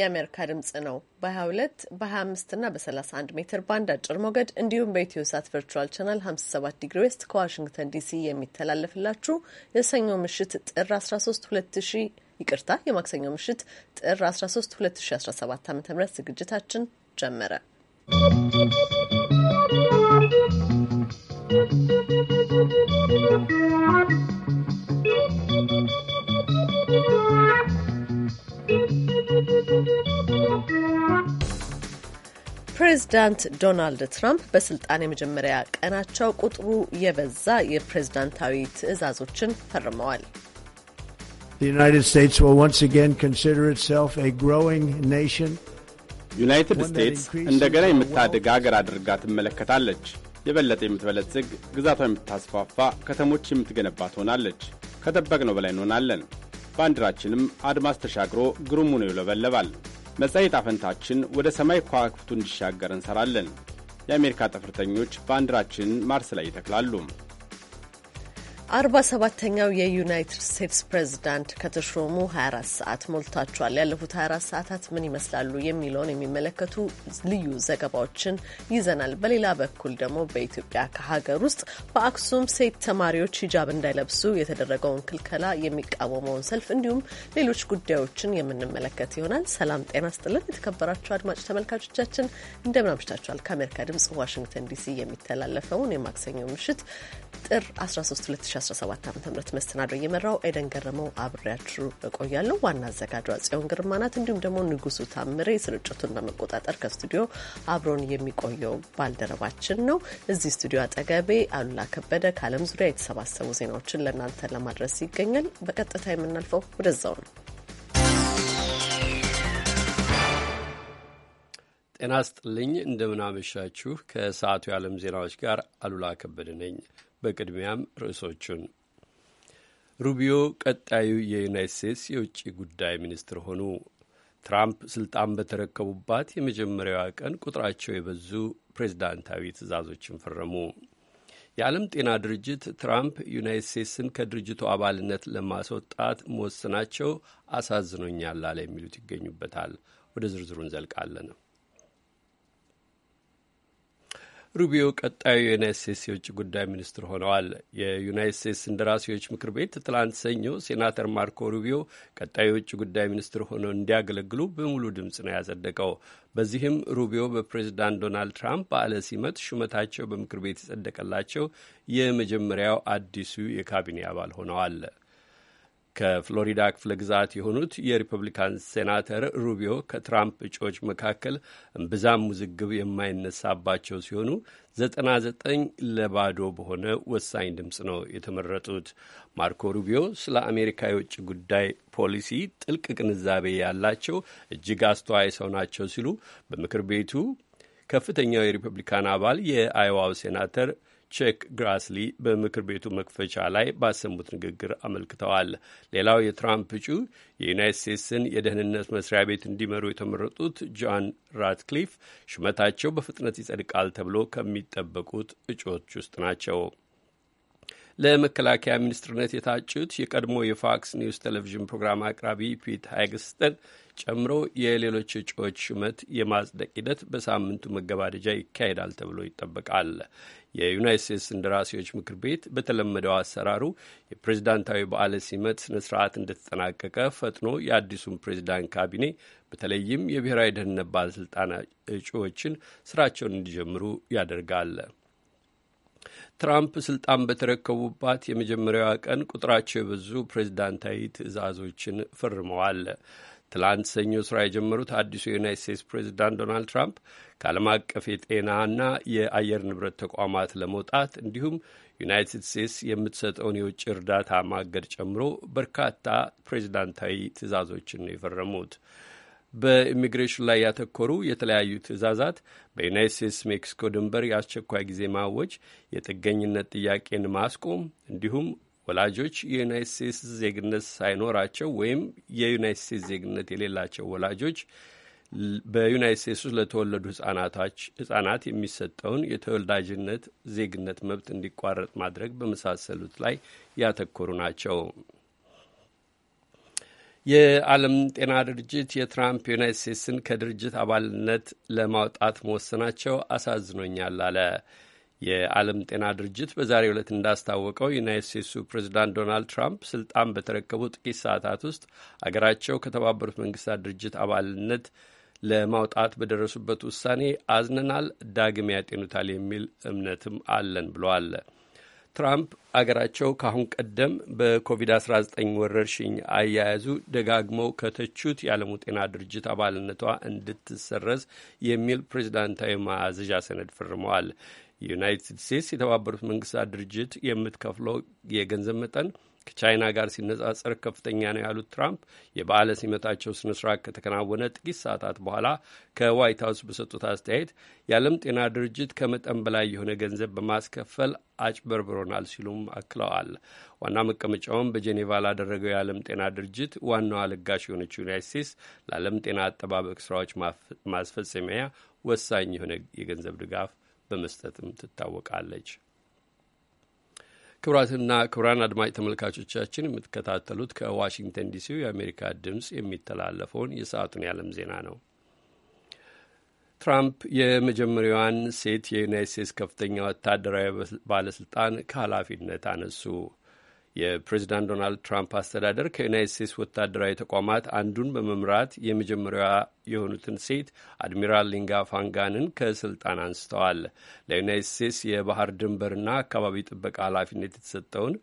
የአሜሪካ ድምጽ ነው። በ22 በ25 እና በ31 ሜትር ባንድ አጭር ሞገድ እንዲሁም በኢትዮ ሳት ቨርቹዋል ቻናል 57 ዲግሪ ዌስት ከዋሽንግተን ዲሲ የሚተላለፍላችሁ የሰኞ ምሽት ጥር 13 2000 ይቅርታ የማክሰኞ ምሽት ጥር 13 2017 ዓ ም ዝግጅታችን ጀመረ። ¶¶ ፕሬዝዳንት ዶናልድ ትራምፕ በስልጣን የመጀመሪያ ቀናቸው ቁጥሩ የበዛ የፕሬዝዳንታዊ ትዕዛዞችን ፈርመዋል። ዩናይትድ ስቴትስ እንደገና የምታድግ አገር አድርጋ ትመለከታለች። የበለጠ የምትበለጽግ፣ ግዛቷ የምታስፋፋ፣ ከተሞች የምትገነባ ትሆናለች። ከጠበቅነው በላይ እንሆናለን። ባንዲራችንም አድማስ ተሻግሮ ግሩሙን ይውለበለባል። መጻኢ አፈንታችን ወደ ሰማይ ከዋክብቱ እንዲሻገር እንሰራለን። የአሜሪካ ጠፈርተኞች ባንዲራችንን ማርስ ላይ ይተክላሉ። አርባ ሰባተኛው የዩናይትድ ስቴትስ ፕሬዝዳንት ከተሾሙ 24 ሰዓት ሞልታቸዋል። ያለፉት 24 ሰዓታት ምን ይመስላሉ የሚለውን የሚመለከቱ ልዩ ዘገባዎችን ይዘናል። በሌላ በኩል ደግሞ በኢትዮጵያ ከሀገር ውስጥ በአክሱም ሴት ተማሪዎች ሂጃብ እንዳይለብሱ የተደረገውን ክልከላ የሚቃወመውን ሰልፍ እንዲሁም ሌሎች ጉዳዮችን የምንመለከት ይሆናል። ሰላም ጤና ስጥልን። የተከበራቸው አድማጭ ተመልካቾቻችን እንደምን አምሽታችኋል። ከአሜሪካ ድምጽ ዋሽንግተን ዲሲ የሚተላለፈውን የማክሰኞ ምሽት ጥር 13 2017 ዓ ም መስተናዶ እየመራው ኤደን ገረመው አብሬያችሁ እቆያለሁ። ዋና አዘጋጇ ጽዮን ግርማ ናት። እንዲሁም ደግሞ ንጉሱ ታምሬ ስርጭቱን በመቆጣጠር ከስቱዲዮ አብሮን የሚቆየው ባልደረባችን ነው። እዚህ ስቱዲዮ አጠገቤ አሉላ ከበደ ከዓለም ዙሪያ የተሰባሰቡ ዜናዎችን ለእናንተ ለማድረስ ይገኛል። በቀጥታ የምናልፈው ወደዛው ነው። ጤና ስጥልኝ እንደምናመሻችሁ። ከሰዓቱ የዓለም ዜናዎች ጋር አሉላ ከበደ ነኝ። በቅድሚያም ርዕሶቹን ሩቢዮ ቀጣዩ የዩናይት ስቴትስ የውጭ ጉዳይ ሚኒስትር ሆኑ። ትራምፕ ስልጣን በተረከቡባት የመጀመሪያዋ ቀን ቁጥራቸው የበዙ ፕሬዝዳንታዊ ትዕዛዞችን ፈረሙ። የዓለም ጤና ድርጅት ትራምፕ ዩናይት ስቴትስን ከድርጅቱ አባልነት ለማስወጣት መወሰናቸው አሳዝኖኛል አለ የሚሉት ይገኙበታል። ወደ ዝርዝሩ እንዘልቃለን። ሩቢዮ ቀጣዩ የዩናይት ስቴትስ የውጭ ጉዳይ ሚኒስትር ሆነዋል። የዩናይት ስቴትስ እንደራሴዎች ምክር ቤት ትላንት ሰኞ ሴናተር ማርኮ ሩቢዮ ቀጣዩ የውጭ ጉዳይ ሚኒስትር ሆነው እንዲያገለግሉ በሙሉ ድምፅ ነው ያጸደቀው። በዚህም ሩቢዮ በፕሬዚዳንት ዶናልድ ትራምፕ በዓለ ሲመት ሹመታቸው በምክር ቤት የጸደቀላቸው የመጀመሪያው አዲሱ የካቢኔ አባል ሆነዋል። ከፍሎሪዳ ክፍለ ግዛት የሆኑት የሪፐብሊካን ሴናተር ሩቢዮ ከትራምፕ እጩዎች መካከል እምብዛም ውዝግብ የማይነሳባቸው ሲሆኑ 99 ለባዶ በሆነ ወሳኝ ድምፅ ነው የተመረጡት። ማርኮ ሩቢዮ ስለ አሜሪካ የውጭ ጉዳይ ፖሊሲ ጥልቅ ግንዛቤ ያላቸው እጅግ አስተዋይ ሰው ናቸው ሲሉ በምክር ቤቱ ከፍተኛው የሪፐብሊካን አባል የአይዋው ሴናተር ቼክ ግራስሊ በምክር ቤቱ መክፈቻ ላይ ባሰሙት ንግግር አመልክተዋል። ሌላው የትራምፕ እጩ የዩናይት ስቴትስን የደህንነት መስሪያ ቤት እንዲመሩ የተመረጡት ጆን ራትክሊፍ ሹመታቸው በፍጥነት ይጸድቃል ተብሎ ከሚጠበቁት እጩዎች ውስጥ ናቸው። ለመከላከያ ሚኒስትርነት የታጩት የቀድሞ የፎክስ ኒውስ ቴሌቪዥን ፕሮግራም አቅራቢ ፒት ሃይግስተን ጨምሮ የሌሎች እጩዎች ሹመት የማጽደቅ ሂደት በሳምንቱ መገባደጃ ይካሄዳል ተብሎ ይጠበቃል። የዩናይት ስቴትስ እንደራሴዎች ምክር ቤት በተለመደው አሰራሩ የፕሬዝዳንታዊ በዓለ ሲመት ስነ ስርዓት እንደተጠናቀቀ ፈጥኖ የአዲሱን ፕሬዝዳንት ካቢኔ በተለይም የብሔራዊ ደህንነት ባለስልጣን እጩዎችን ስራቸውን እንዲጀምሩ ያደርጋል። ትራምፕ ስልጣን በተረከቡባት የመጀመሪያዋ ቀን ቁጥራቸው የበዙ ፕሬዝዳንታዊ ትዕዛዞችን ፈርመዋል። ትላንት ሰኞ ስራ የጀመሩት አዲሱ የዩናይት ስቴትስ ፕሬዚዳንት ዶናልድ ትራምፕ ከዓለም አቀፍ የጤናና የአየር ንብረት ተቋማት ለመውጣት እንዲሁም ዩናይትድ ስቴትስ የምትሰጠውን የውጭ እርዳታ ማገድ ጨምሮ በርካታ ፕሬዚዳንታዊ ትዕዛዞችን ነው የፈረሙት። በኢሚግሬሽን ላይ ያተኮሩ የተለያዩ ትዕዛዛት በዩናይት ስቴትስ ሜክሲኮ ድንበር የአስቸኳይ ጊዜ ማወጅ፣ የጥገኝነት ጥያቄን ማስቆም እንዲሁም ወላጆች የዩናይት ስቴትስ ዜግነት ሳይኖራቸው ወይም የዩናይት ስቴትስ ዜግነት የሌላቸው ወላጆች በዩናይት ስቴትስ ውስጥ ለተወለዱ ህጻናት የሚሰጠውን የተወላጅነት ዜግነት መብት እንዲቋረጥ ማድረግ በመሳሰሉት ላይ ያተኮሩ ናቸው። የዓለም ጤና ድርጅት የትራምፕ ዩናይት ስቴትስን ከድርጅት አባልነት ለማውጣት መወሰናቸው አሳዝኖኛል አለ። የዓለም ጤና ድርጅት በዛሬ ዕለት እንዳስታወቀው ዩናይት ስቴትሱ ፕሬዚዳንት ዶናልድ ትራምፕ ስልጣን በተረከቡ ጥቂት ሰዓታት ውስጥ አገራቸው ከተባበሩት መንግስታት ድርጅት አባልነት ለማውጣት በደረሱበት ውሳኔ አዝነናል፣ ዳግም ያጤኑታል የሚል እምነትም አለን ብለዋል። ትራምፕ አገራቸው ከአሁን ቀደም በኮቪድ-19 ወረርሽኝ አያያዙ ደጋግመው ከተቹት የዓለሙ ጤና ድርጅት አባልነቷ እንድትሰረዝ የሚል ፕሬዚዳንታዊ ማዘዣ ሰነድ ፈርመዋል። ዩናይትድ ስቴትስ የተባበሩት መንግስታት ድርጅት የምትከፍለው የገንዘብ መጠን ከቻይና ጋር ሲነጻጸር ከፍተኛ ነው ያሉት ትራምፕ የበዓለ ሲመታቸው ስነ ስርዓት ከተከናወነ ጥቂት ሰዓታት በኋላ ከዋይት ሀውስ በሰጡት አስተያየት የዓለም ጤና ድርጅት ከመጠን በላይ የሆነ ገንዘብ በማስከፈል አጭበርብሮናል ሲሉም አክለዋል። ዋና መቀመጫውን በጄኔቫ ላደረገው የዓለም ጤና ድርጅት ዋናዋ ለጋሽ የሆነችው ዩናይት ስቴትስ ለዓለም ጤና አጠባበቅ ስራዎች ማስፈጸሚያ ወሳኝ የሆነ የገንዘብ ድጋፍ በመስጠትም ትታወቃለች። ክቡራትና ክቡራን አድማጭ ተመልካቾቻችን የምትከታተሉት ከዋሽንግተን ዲሲው የአሜሪካ ድምፅ የሚተላለፈውን የሰዓቱን የዓለም ዜና ነው። ትራምፕ የመጀመሪያዋን ሴት የዩናይት ስቴትስ ከፍተኛ ወታደራዊ ባለስልጣን ከኃላፊነት አነሱ። የፕሬዚዳንት ዶናልድ ትራምፕ አስተዳደር ከዩናይት ስቴትስ ወታደራዊ ተቋማት አንዱን በመምራት የመጀመሪያ የሆኑትን ሴት አድሚራል ሊንጋ ፋንጋንን ከስልጣን አንስተዋል። ለዩናይት ስቴትስ የባህር ድንበርና አካባቢ ጥበቃ ኃላፊነት የተሰጠውን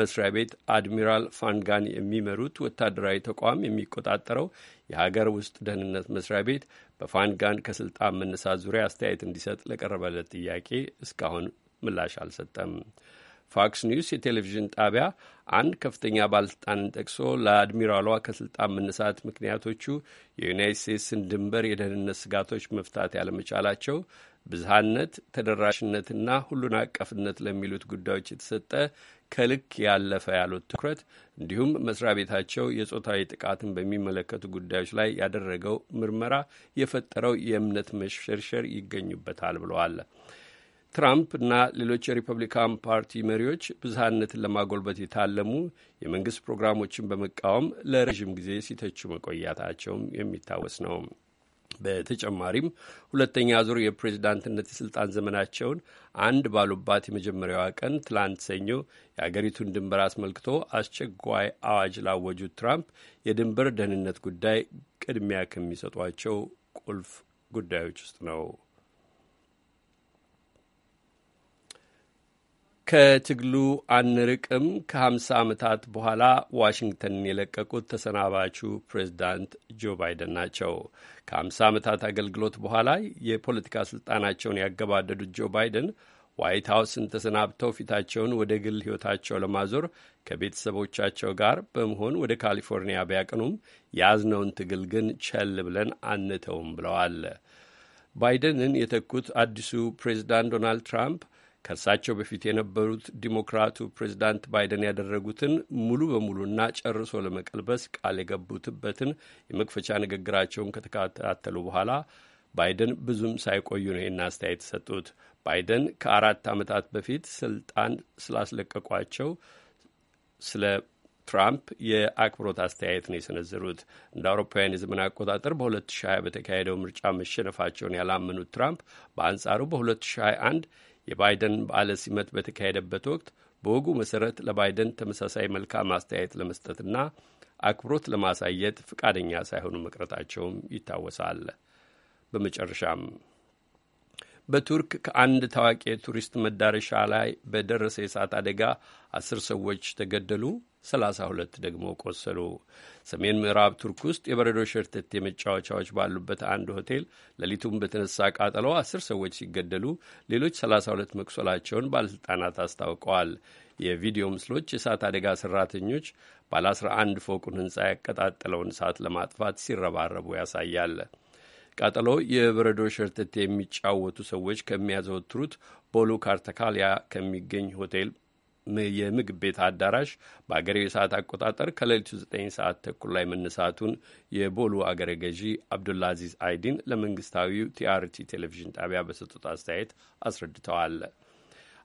መስሪያ ቤት አድሚራል ፋንጋን የሚመሩት ወታደራዊ ተቋም የሚቆጣጠረው የሀገር ውስጥ ደህንነት መስሪያ ቤት በፋንጋን ከስልጣን መነሳት ዙሪያ አስተያየት እንዲሰጥ ለቀረበለት ጥያቄ እስካሁን ምላሽ አልሰጠም። ፋክስ ኒውስ የቴሌቪዥን ጣቢያ አንድ ከፍተኛ ባለስልጣንን ጠቅሶ ለአድሚራሏ ከስልጣን መነሳት ምክንያቶቹ የዩናይት ስቴትስን ድንበር የደህንነት ስጋቶች መፍታት ያለመቻላቸው፣ ብዝሃነት፣ ተደራሽነትና ሁሉን አቀፍነት ለሚሉት ጉዳዮች የተሰጠ ከልክ ያለፈ ያሉት ትኩረት እንዲሁም መስሪያ ቤታቸው የጾታዊ ጥቃትን በሚመለከቱ ጉዳዮች ላይ ያደረገው ምርመራ የፈጠረው የእምነት መሸርሸር ይገኙበታል ብለዋል። ትራምፕ እና ሌሎች የሪፐብሊካን ፓርቲ መሪዎች ብዝሃነትን ለማጎልበት የታለሙ የመንግስት ፕሮግራሞችን በመቃወም ለረዥም ጊዜ ሲተቹ መቆያታቸውም የሚታወስ ነው። በተጨማሪም ሁለተኛ ዙር የፕሬዝዳንትነት የስልጣን ዘመናቸውን አንድ ባሉባት የመጀመሪያዋ ቀን ትላንት ሰኞ የአገሪቱን ድንበር አስመልክቶ አስቸኳይ አዋጅ ላወጁት ትራምፕ የድንበር ደህንነት ጉዳይ ቅድሚያ ከሚሰጧቸው ቁልፍ ጉዳዮች ውስጥ ነው። ከትግሉ አንርቅም ከ ዓመታት በኋላ ዋሽንግተንን የለቀቁት ተሰናባቹ ፕሬዚዳንት ጆ ባይደን ናቸው። ዓመታት አገልግሎት በኋላ የፖለቲካ ስልጣናቸውን ያገባደዱት ጆ ባይደን ዋይት ሀውስን ተሰናብተው ፊታቸውን ወደ ግል ሕይወታቸው ለማዞር ከቤተሰቦቻቸው ጋር በመሆን ወደ ካሊፎርኒያ ቢያቀኑም የያዝነውን ትግል ግን ቸል ብለን አንተውም ብለዋል። ባይደንን የተኩት አዲሱ ፕሬዚዳንት ዶናልድ ትራምፕ ከእርሳቸው በፊት የነበሩት ዲሞክራቱ ፕሬዚዳንት ባይደን ያደረጉትን ሙሉ በሙሉና ጨርሶ ለመቀልበስ ቃል የገቡትበትን የመክፈቻ ንግግራቸውን ከተከታተሉ በኋላ ባይደን ብዙም ሳይቆዩ ነው ይህን አስተያየት ሰጡት። ባይደን ከአራት ዓመታት በፊት ስልጣን ስላስለቀቋቸው ስለ ትራምፕ የአክብሮት አስተያየት ነው የሰነዘሩት። እንደ አውሮፓውያን የዘመን አቆጣጠር በ2020 በተካሄደው ምርጫ መሸነፋቸውን ያላመኑት ትራምፕ በአንጻሩ በ2021 የባይደን በዓለ ሲመት በተካሄደበት ወቅት በወጉ መሠረት ለባይደን ተመሳሳይ መልካም አስተያየት ለመስጠትና አክብሮት ለማሳየት ፈቃደኛ ሳይሆኑ መቅረታቸውም ይታወሳል። በመጨረሻም በቱርክ ከአንድ ታዋቂ የቱሪስት መዳረሻ ላይ በደረሰ የእሳት አደጋ አስር ሰዎች ተገደሉ፣ ሰላሳ ሁለት ደግሞ ቆሰሉ። ሰሜን ምዕራብ ቱርክ ውስጥ የበረዶ ሸርተት የመጫወቻዎች ባሉበት አንድ ሆቴል ሌሊቱም በተነሳ ቃጠሎ አስር ሰዎች ሲገደሉ ሌሎች ሰላሳ ሁለት መቁሰላቸውን ባለሥልጣናት አስታውቀዋል። የቪዲዮ ምስሎች የእሳት አደጋ ሰራተኞች ባለ አስራ አንድ ፎቁን ሕንፃ ያቀጣጠለውን እሳት ለማጥፋት ሲረባረቡ ያሳያል። ቃጠሎ የበረዶ ሸርተት የሚጫወቱ ሰዎች ከሚያዘወትሩት ቦሎ ካርተካሊያ ከሚገኝ ሆቴል የምግብ ቤት አዳራሽ በአገሬው የሰዓት አቆጣጠር ከሌሊቱ 9 ሰዓት ተኩል ላይ መነሳቱን የቦሎ አገረ ገዢ አዚዝ አይዲን ለመንግስታዊው ቲአርቲ ቴሌቪዥን ጣቢያ በሰጡት አስተያየት አስረድተዋል።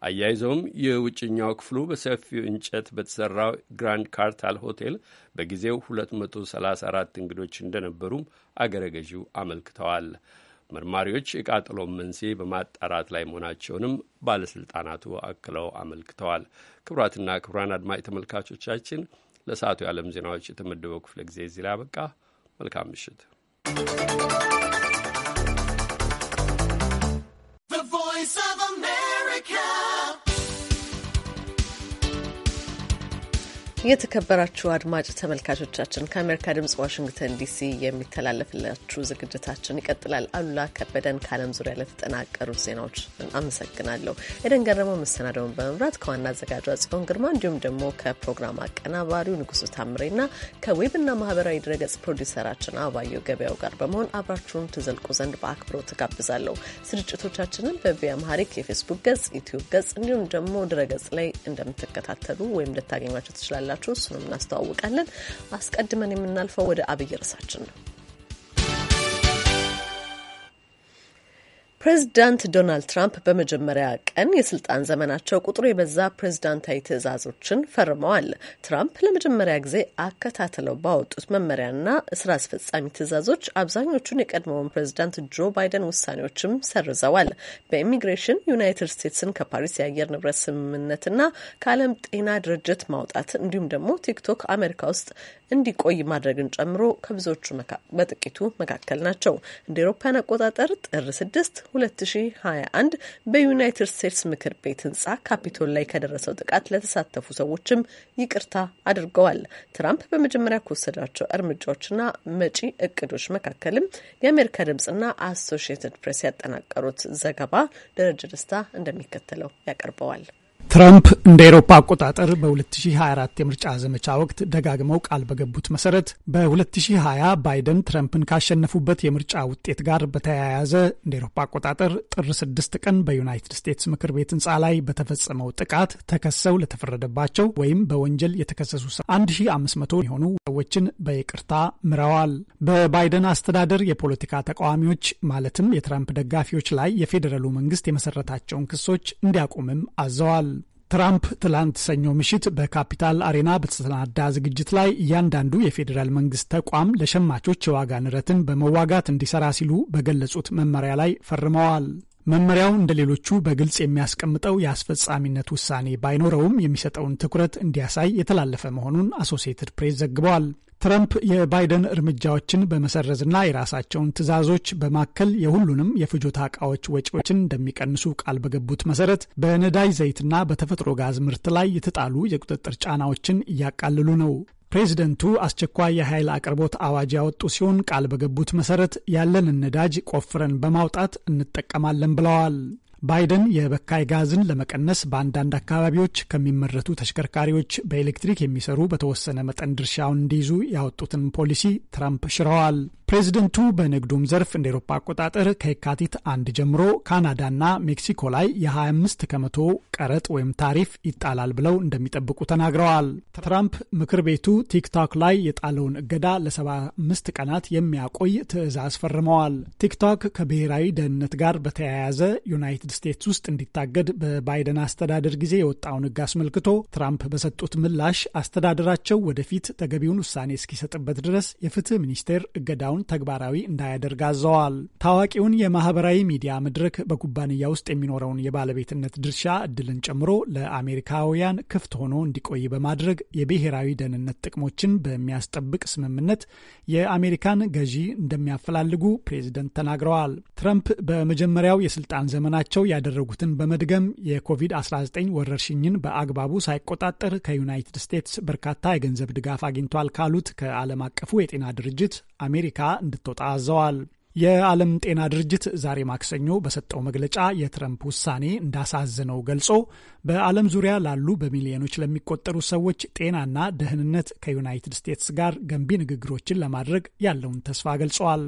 አያይዘውም የውጭኛው ክፍሉ በሰፊው እንጨት በተሰራው ግራንድ ካርታል ሆቴል በጊዜው 234 እንግዶች እንደነበሩም አገረ ገዢው አመልክተዋል። መርማሪዎች የቃጠሎን መንስኤ በማጣራት ላይ መሆናቸውንም ባለስልጣናቱ አክለው አመልክተዋል። ክቡራትና ክቡራን አድማጭ ተመልካቾቻችን ለሰዓቱ የዓለም ዜናዎች የተመደበው ክፍለ ጊዜ እዚህ ላይ አበቃ። መልካም ምሽት። የተከበራችሁ አድማጭ ተመልካቾቻችን ከአሜሪካ ድምጽ ዋሽንግተን ዲሲ የሚተላለፍላችሁ ዝግጅታችን ይቀጥላል። አሉላ ከበደን ከዓለም ዙሪያ ለተጠናቀሩ ዜናዎች አመሰግናለሁ። ኤደን ገረመው መሰናደውን በመምራት ከዋና አዘጋጇ ጽዮን ግርማ እንዲሁም ደግሞ ከፕሮግራም አቀናባሪው ንጉሱ ታምሬና ከዌብና ማህበራዊ ድረገጽ ፕሮዲሰራችን አባየው ገበያው ጋር በመሆን አብራችሁን ትዘልቁ ዘንድ በአክብሮ ትጋብዛለሁ። ስርጭቶቻችንን በቪያ ማህሪክ የፌስቡክ ገጽ፣ ዩቲዩብ ገጽ እንዲሁም ደግሞ ድረገጽ ላይ እንደምትከታተሉ ወይም ልታገኟቸው ትችላላችሁ ትችላላችሁ። እሱንም እናስተዋውቃለን። አስቀድመን የምናልፈው ወደ አብይ ርዕሳችን ነው። ፕሬዚዳንት ዶናልድ ትራምፕ በመጀመሪያ ቀን የስልጣን ዘመናቸው ቁጥሩ የበዛ ፕሬዚዳንታዊ ትዕዛዞችን ፈርመዋል። ትራምፕ ለመጀመሪያ ጊዜ አከታትለው ባወጡት መመሪያና ስራ አስፈጻሚ ትዕዛዞች አብዛኞቹን የቀድሞውን ፕሬዚዳንት ጆ ባይደን ውሳኔዎችም ሰርዘዋል። በኢሚግሬሽን ዩናይትድ ስቴትስን ከፓሪስ የአየር ንብረት ስምምነትና ከዓለም ጤና ድርጅት ማውጣት እንዲሁም ደግሞ ቲክቶክ አሜሪካ ውስጥ እንዲቆይ ማድረግን ጨምሮ ከብዙዎቹ በጥቂቱ መካከል ናቸው። እንደ ኤሮፓን አቆጣጠር ጥር ስድስት 2021 በዩናይትድ ስቴትስ ምክር ቤት ህንጻ ካፒቶል ላይ ከደረሰው ጥቃት ለተሳተፉ ሰዎችም ይቅርታ አድርገዋል። ትራምፕ በመጀመሪያ ከወሰዳቸው እርምጃዎችና መጪ እቅዶች መካከልም የአሜሪካ ድምጽና አሶሺየትድ ፕሬስ ያጠናቀሩት ዘገባ ደረጀ ደስታ እንደሚከተለው ያቀርበዋል። ትራምፕ እንደ ኤሮፓ አቆጣጠር በ2024 የምርጫ ዘመቻ ወቅት ደጋግመው ቃል በገቡት መሰረት በ2020 ባይደን ትራምፕን ካሸነፉበት የምርጫ ውጤት ጋር በተያያዘ እንደ ኤሮፓ አቆጣጠር ጥር 6 ቀን በዩናይትድ ስቴትስ ምክር ቤት ህንፃ ላይ በተፈጸመው ጥቃት ተከሰው ለተፈረደባቸው ወይም በወንጀል የተከሰሱ 1500 የሆኑ ሰዎችን በይቅርታ ምረዋል። በባይደን አስተዳደር የፖለቲካ ተቃዋሚዎች ማለትም የትራምፕ ደጋፊዎች ላይ የፌዴራሉ መንግስት የመሰረታቸውን ክሶች እንዲያቆምም አዘዋል። ትራምፕ ትላንት ሰኞ ምሽት በካፒታል አሬና በተሰናዳ ዝግጅት ላይ እያንዳንዱ የፌዴራል መንግስት ተቋም ለሸማቾች የዋጋ ንረትን በመዋጋት እንዲሰራ ሲሉ በገለጹት መመሪያ ላይ ፈርመዋል። መመሪያው እንደ ሌሎቹ በግልጽ የሚያስቀምጠው የአስፈጻሚነት ውሳኔ ባይኖረውም የሚሰጠውን ትኩረት እንዲያሳይ የተላለፈ መሆኑን አሶሲየትድ ፕሬስ ዘግበዋል። ትረምፕ የባይደን እርምጃዎችን በመሰረዝና የራሳቸውን ትዕዛዞች በማከል የሁሉንም የፍጆታ እቃዎች ወጪዎችን እንደሚቀንሱ ቃል በገቡት መሰረት በነዳጅ ዘይትና በተፈጥሮ ጋዝ ምርት ላይ የተጣሉ የቁጥጥር ጫናዎችን እያቃልሉ ነው። ፕሬዚደንቱ አስቸኳይ የኃይል አቅርቦት አዋጅ ያወጡ ሲሆን ቃል በገቡት መሰረት ያለንን ነዳጅ ቆፍረን በማውጣት እንጠቀማለን ብለዋል። ባይደን የበካይ ጋዝን ለመቀነስ በአንዳንድ አካባቢዎች ከሚመረቱ ተሽከርካሪዎች በኤሌክትሪክ የሚሰሩ በተወሰነ መጠን ድርሻውን እንዲይዙ ያወጡትን ፖሊሲ ትራምፕ ሽረዋል። ፕሬዚደንቱ በንግዱም ዘርፍ እንደ ኤሮፓ አቆጣጠር ከየካቲት አንድ ጀምሮ ካናዳና ሜክሲኮ ላይ የ25 ከመቶ ቀረጥ ወይም ታሪፍ ይጣላል ብለው እንደሚጠብቁ ተናግረዋል። ትራምፕ ምክር ቤቱ ቲክቶክ ላይ የጣለውን እገዳ ለ75 ቀናት የሚያቆይ ትዕዛዝ ፈርመዋል። ቲክቶክ ከብሔራዊ ደህንነት ጋር በተያያዘ ዩናይትድ ስቴትስ ውስጥ እንዲታገድ በባይደን አስተዳደር ጊዜ የወጣውን ህግ አስመልክቶ ትራምፕ በሰጡት ምላሽ አስተዳደራቸው ወደፊት ተገቢውን ውሳኔ እስኪሰጥበት ድረስ የፍትህ ሚኒስቴር እገዳው እርምጃውን ተግባራዊ እንዳያደርግ አዘዋል። ታዋቂውን የማህበራዊ ሚዲያ መድረክ በኩባንያ ውስጥ የሚኖረውን የባለቤትነት ድርሻ እድልን ጨምሮ ለአሜሪካውያን ክፍት ሆኖ እንዲቆይ በማድረግ የብሔራዊ ደህንነት ጥቅሞችን በሚያስጠብቅ ስምምነት የአሜሪካን ገዢ እንደሚያፈላልጉ ፕሬዝደንት ተናግረዋል። ትረምፕ በመጀመሪያው የስልጣን ዘመናቸው ያደረጉትን በመድገም የኮቪድ-19 ወረርሽኝን በአግባቡ ሳይቆጣጠር ከዩናይትድ ስቴትስ በርካታ የገንዘብ ድጋፍ አግኝቷል ካሉት ከዓለም አቀፉ የጤና ድርጅት አሜሪካ እንድትወጣ አዘዋል። የዓለም ጤና ድርጅት ዛሬ ማክሰኞ በሰጠው መግለጫ የትረምፕ ውሳኔ እንዳሳዝነው ገልጾ በዓለም ዙሪያ ላሉ በሚሊዮኖች ለሚቆጠሩ ሰዎች ጤናና ደህንነት ከዩናይትድ ስቴትስ ጋር ገንቢ ንግግሮችን ለማድረግ ያለውን ተስፋ ገልጸዋል።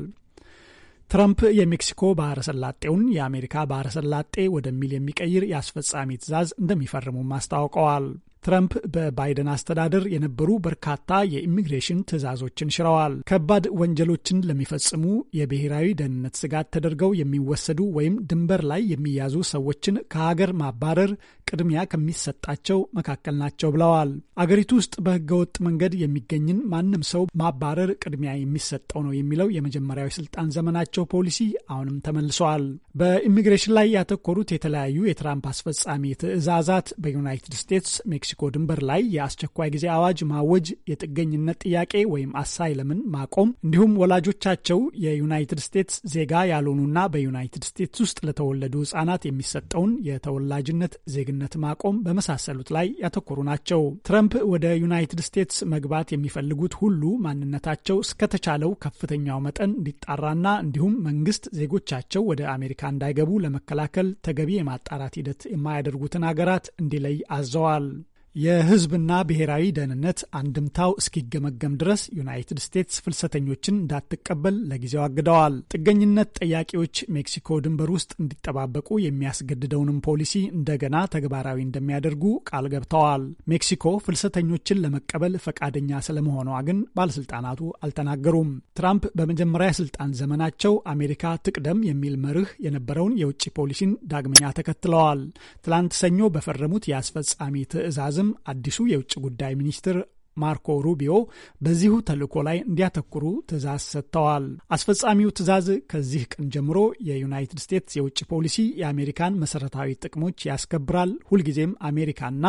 ትረምፕ የሜክሲኮ ባህረ ሰላጤውን የአሜሪካ ባህረ ሰላጤ ወደሚል የሚቀይር የአስፈጻሚ ትእዛዝ እንደሚፈርሙም አስታውቀዋል። ትረምፕ በባይደን አስተዳደር የነበሩ በርካታ የኢሚግሬሽን ትዕዛዞችን ሽረዋል። ከባድ ወንጀሎችን ለሚፈጽሙ የብሔራዊ ደህንነት ስጋት ተደርገው የሚወሰዱ ወይም ድንበር ላይ የሚያዙ ሰዎችን ከሀገር ማባረር ቅድሚያ ከሚሰጣቸው መካከል ናቸው ብለዋል። አገሪቱ ውስጥ በህገወጥ መንገድ የሚገኝን ማንም ሰው ማባረር ቅድሚያ የሚሰጠው ነው የሚለው የመጀመሪያው ስልጣን ዘመናቸው ፖሊሲ አሁንም ተመልሰዋል። በኢሚግሬሽን ላይ ያተኮሩት የተለያዩ የትራምፕ አስፈጻሚ ትዕዛዛት በዩናይትድ ስቴትስ ሜክሲኮ ድንበር ላይ የአስቸኳይ ጊዜ አዋጅ ማወጅ፣ የጥገኝነት ጥያቄ ወይም አሳይለምን ማቆም እንዲሁም ወላጆቻቸው የዩናይትድ ስቴትስ ዜጋ ያልሆኑና በዩናይትድ ስቴትስ ውስጥ ለተወለዱ ህጻናት የሚሰጠውን የተወላጅነት ዜግነት ማቆም በመሳሰሉት ላይ ያተኮሩ ናቸው። ትረምፕ ወደ ዩናይትድ ስቴትስ መግባት የሚፈልጉት ሁሉ ማንነታቸው እስከተቻለው ከፍተኛው መጠን እንዲጣራና እንዲሁም መንግስት ዜጎቻቸው ወደ አሜሪካ እንዳይገቡ ለመከላከል ተገቢ የማጣራት ሂደት የማያደርጉትን ሀገራት እንዲለይ አዘዋል። የህዝብና ብሔራዊ ደህንነት አንድምታው እስኪገመገም ድረስ ዩናይትድ ስቴትስ ፍልሰተኞችን እንዳትቀበል ለጊዜው አግደዋል። ጥገኝነት ጠያቂዎች ሜክሲኮ ድንበር ውስጥ እንዲጠባበቁ የሚያስገድደውንም ፖሊሲ እንደገና ተግባራዊ እንደሚያደርጉ ቃል ገብተዋል። ሜክሲኮ ፍልሰተኞችን ለመቀበል ፈቃደኛ ስለመሆኗ ግን ባለስልጣናቱ አልተናገሩም። ትራምፕ በመጀመሪያ ስልጣን ዘመናቸው አሜሪካ ትቅደም የሚል መርህ የነበረውን የውጭ ፖሊሲን ዳግመኛ ተከትለዋል። ትላንት ሰኞ በፈረሙት የአስፈጻሚ ትዕዛዝም በመቀጠልም አዲሱ የውጭ ጉዳይ ሚኒስትር ማርኮ ሩቢዮ በዚሁ ተልእኮ ላይ እንዲያተኩሩ ትዕዛዝ ሰጥተዋል። አስፈጻሚው ትዕዛዝ ከዚህ ቀን ጀምሮ የዩናይትድ ስቴትስ የውጭ ፖሊሲ የአሜሪካን መሰረታዊ ጥቅሞች ያስከብራል፣ ሁልጊዜም አሜሪካና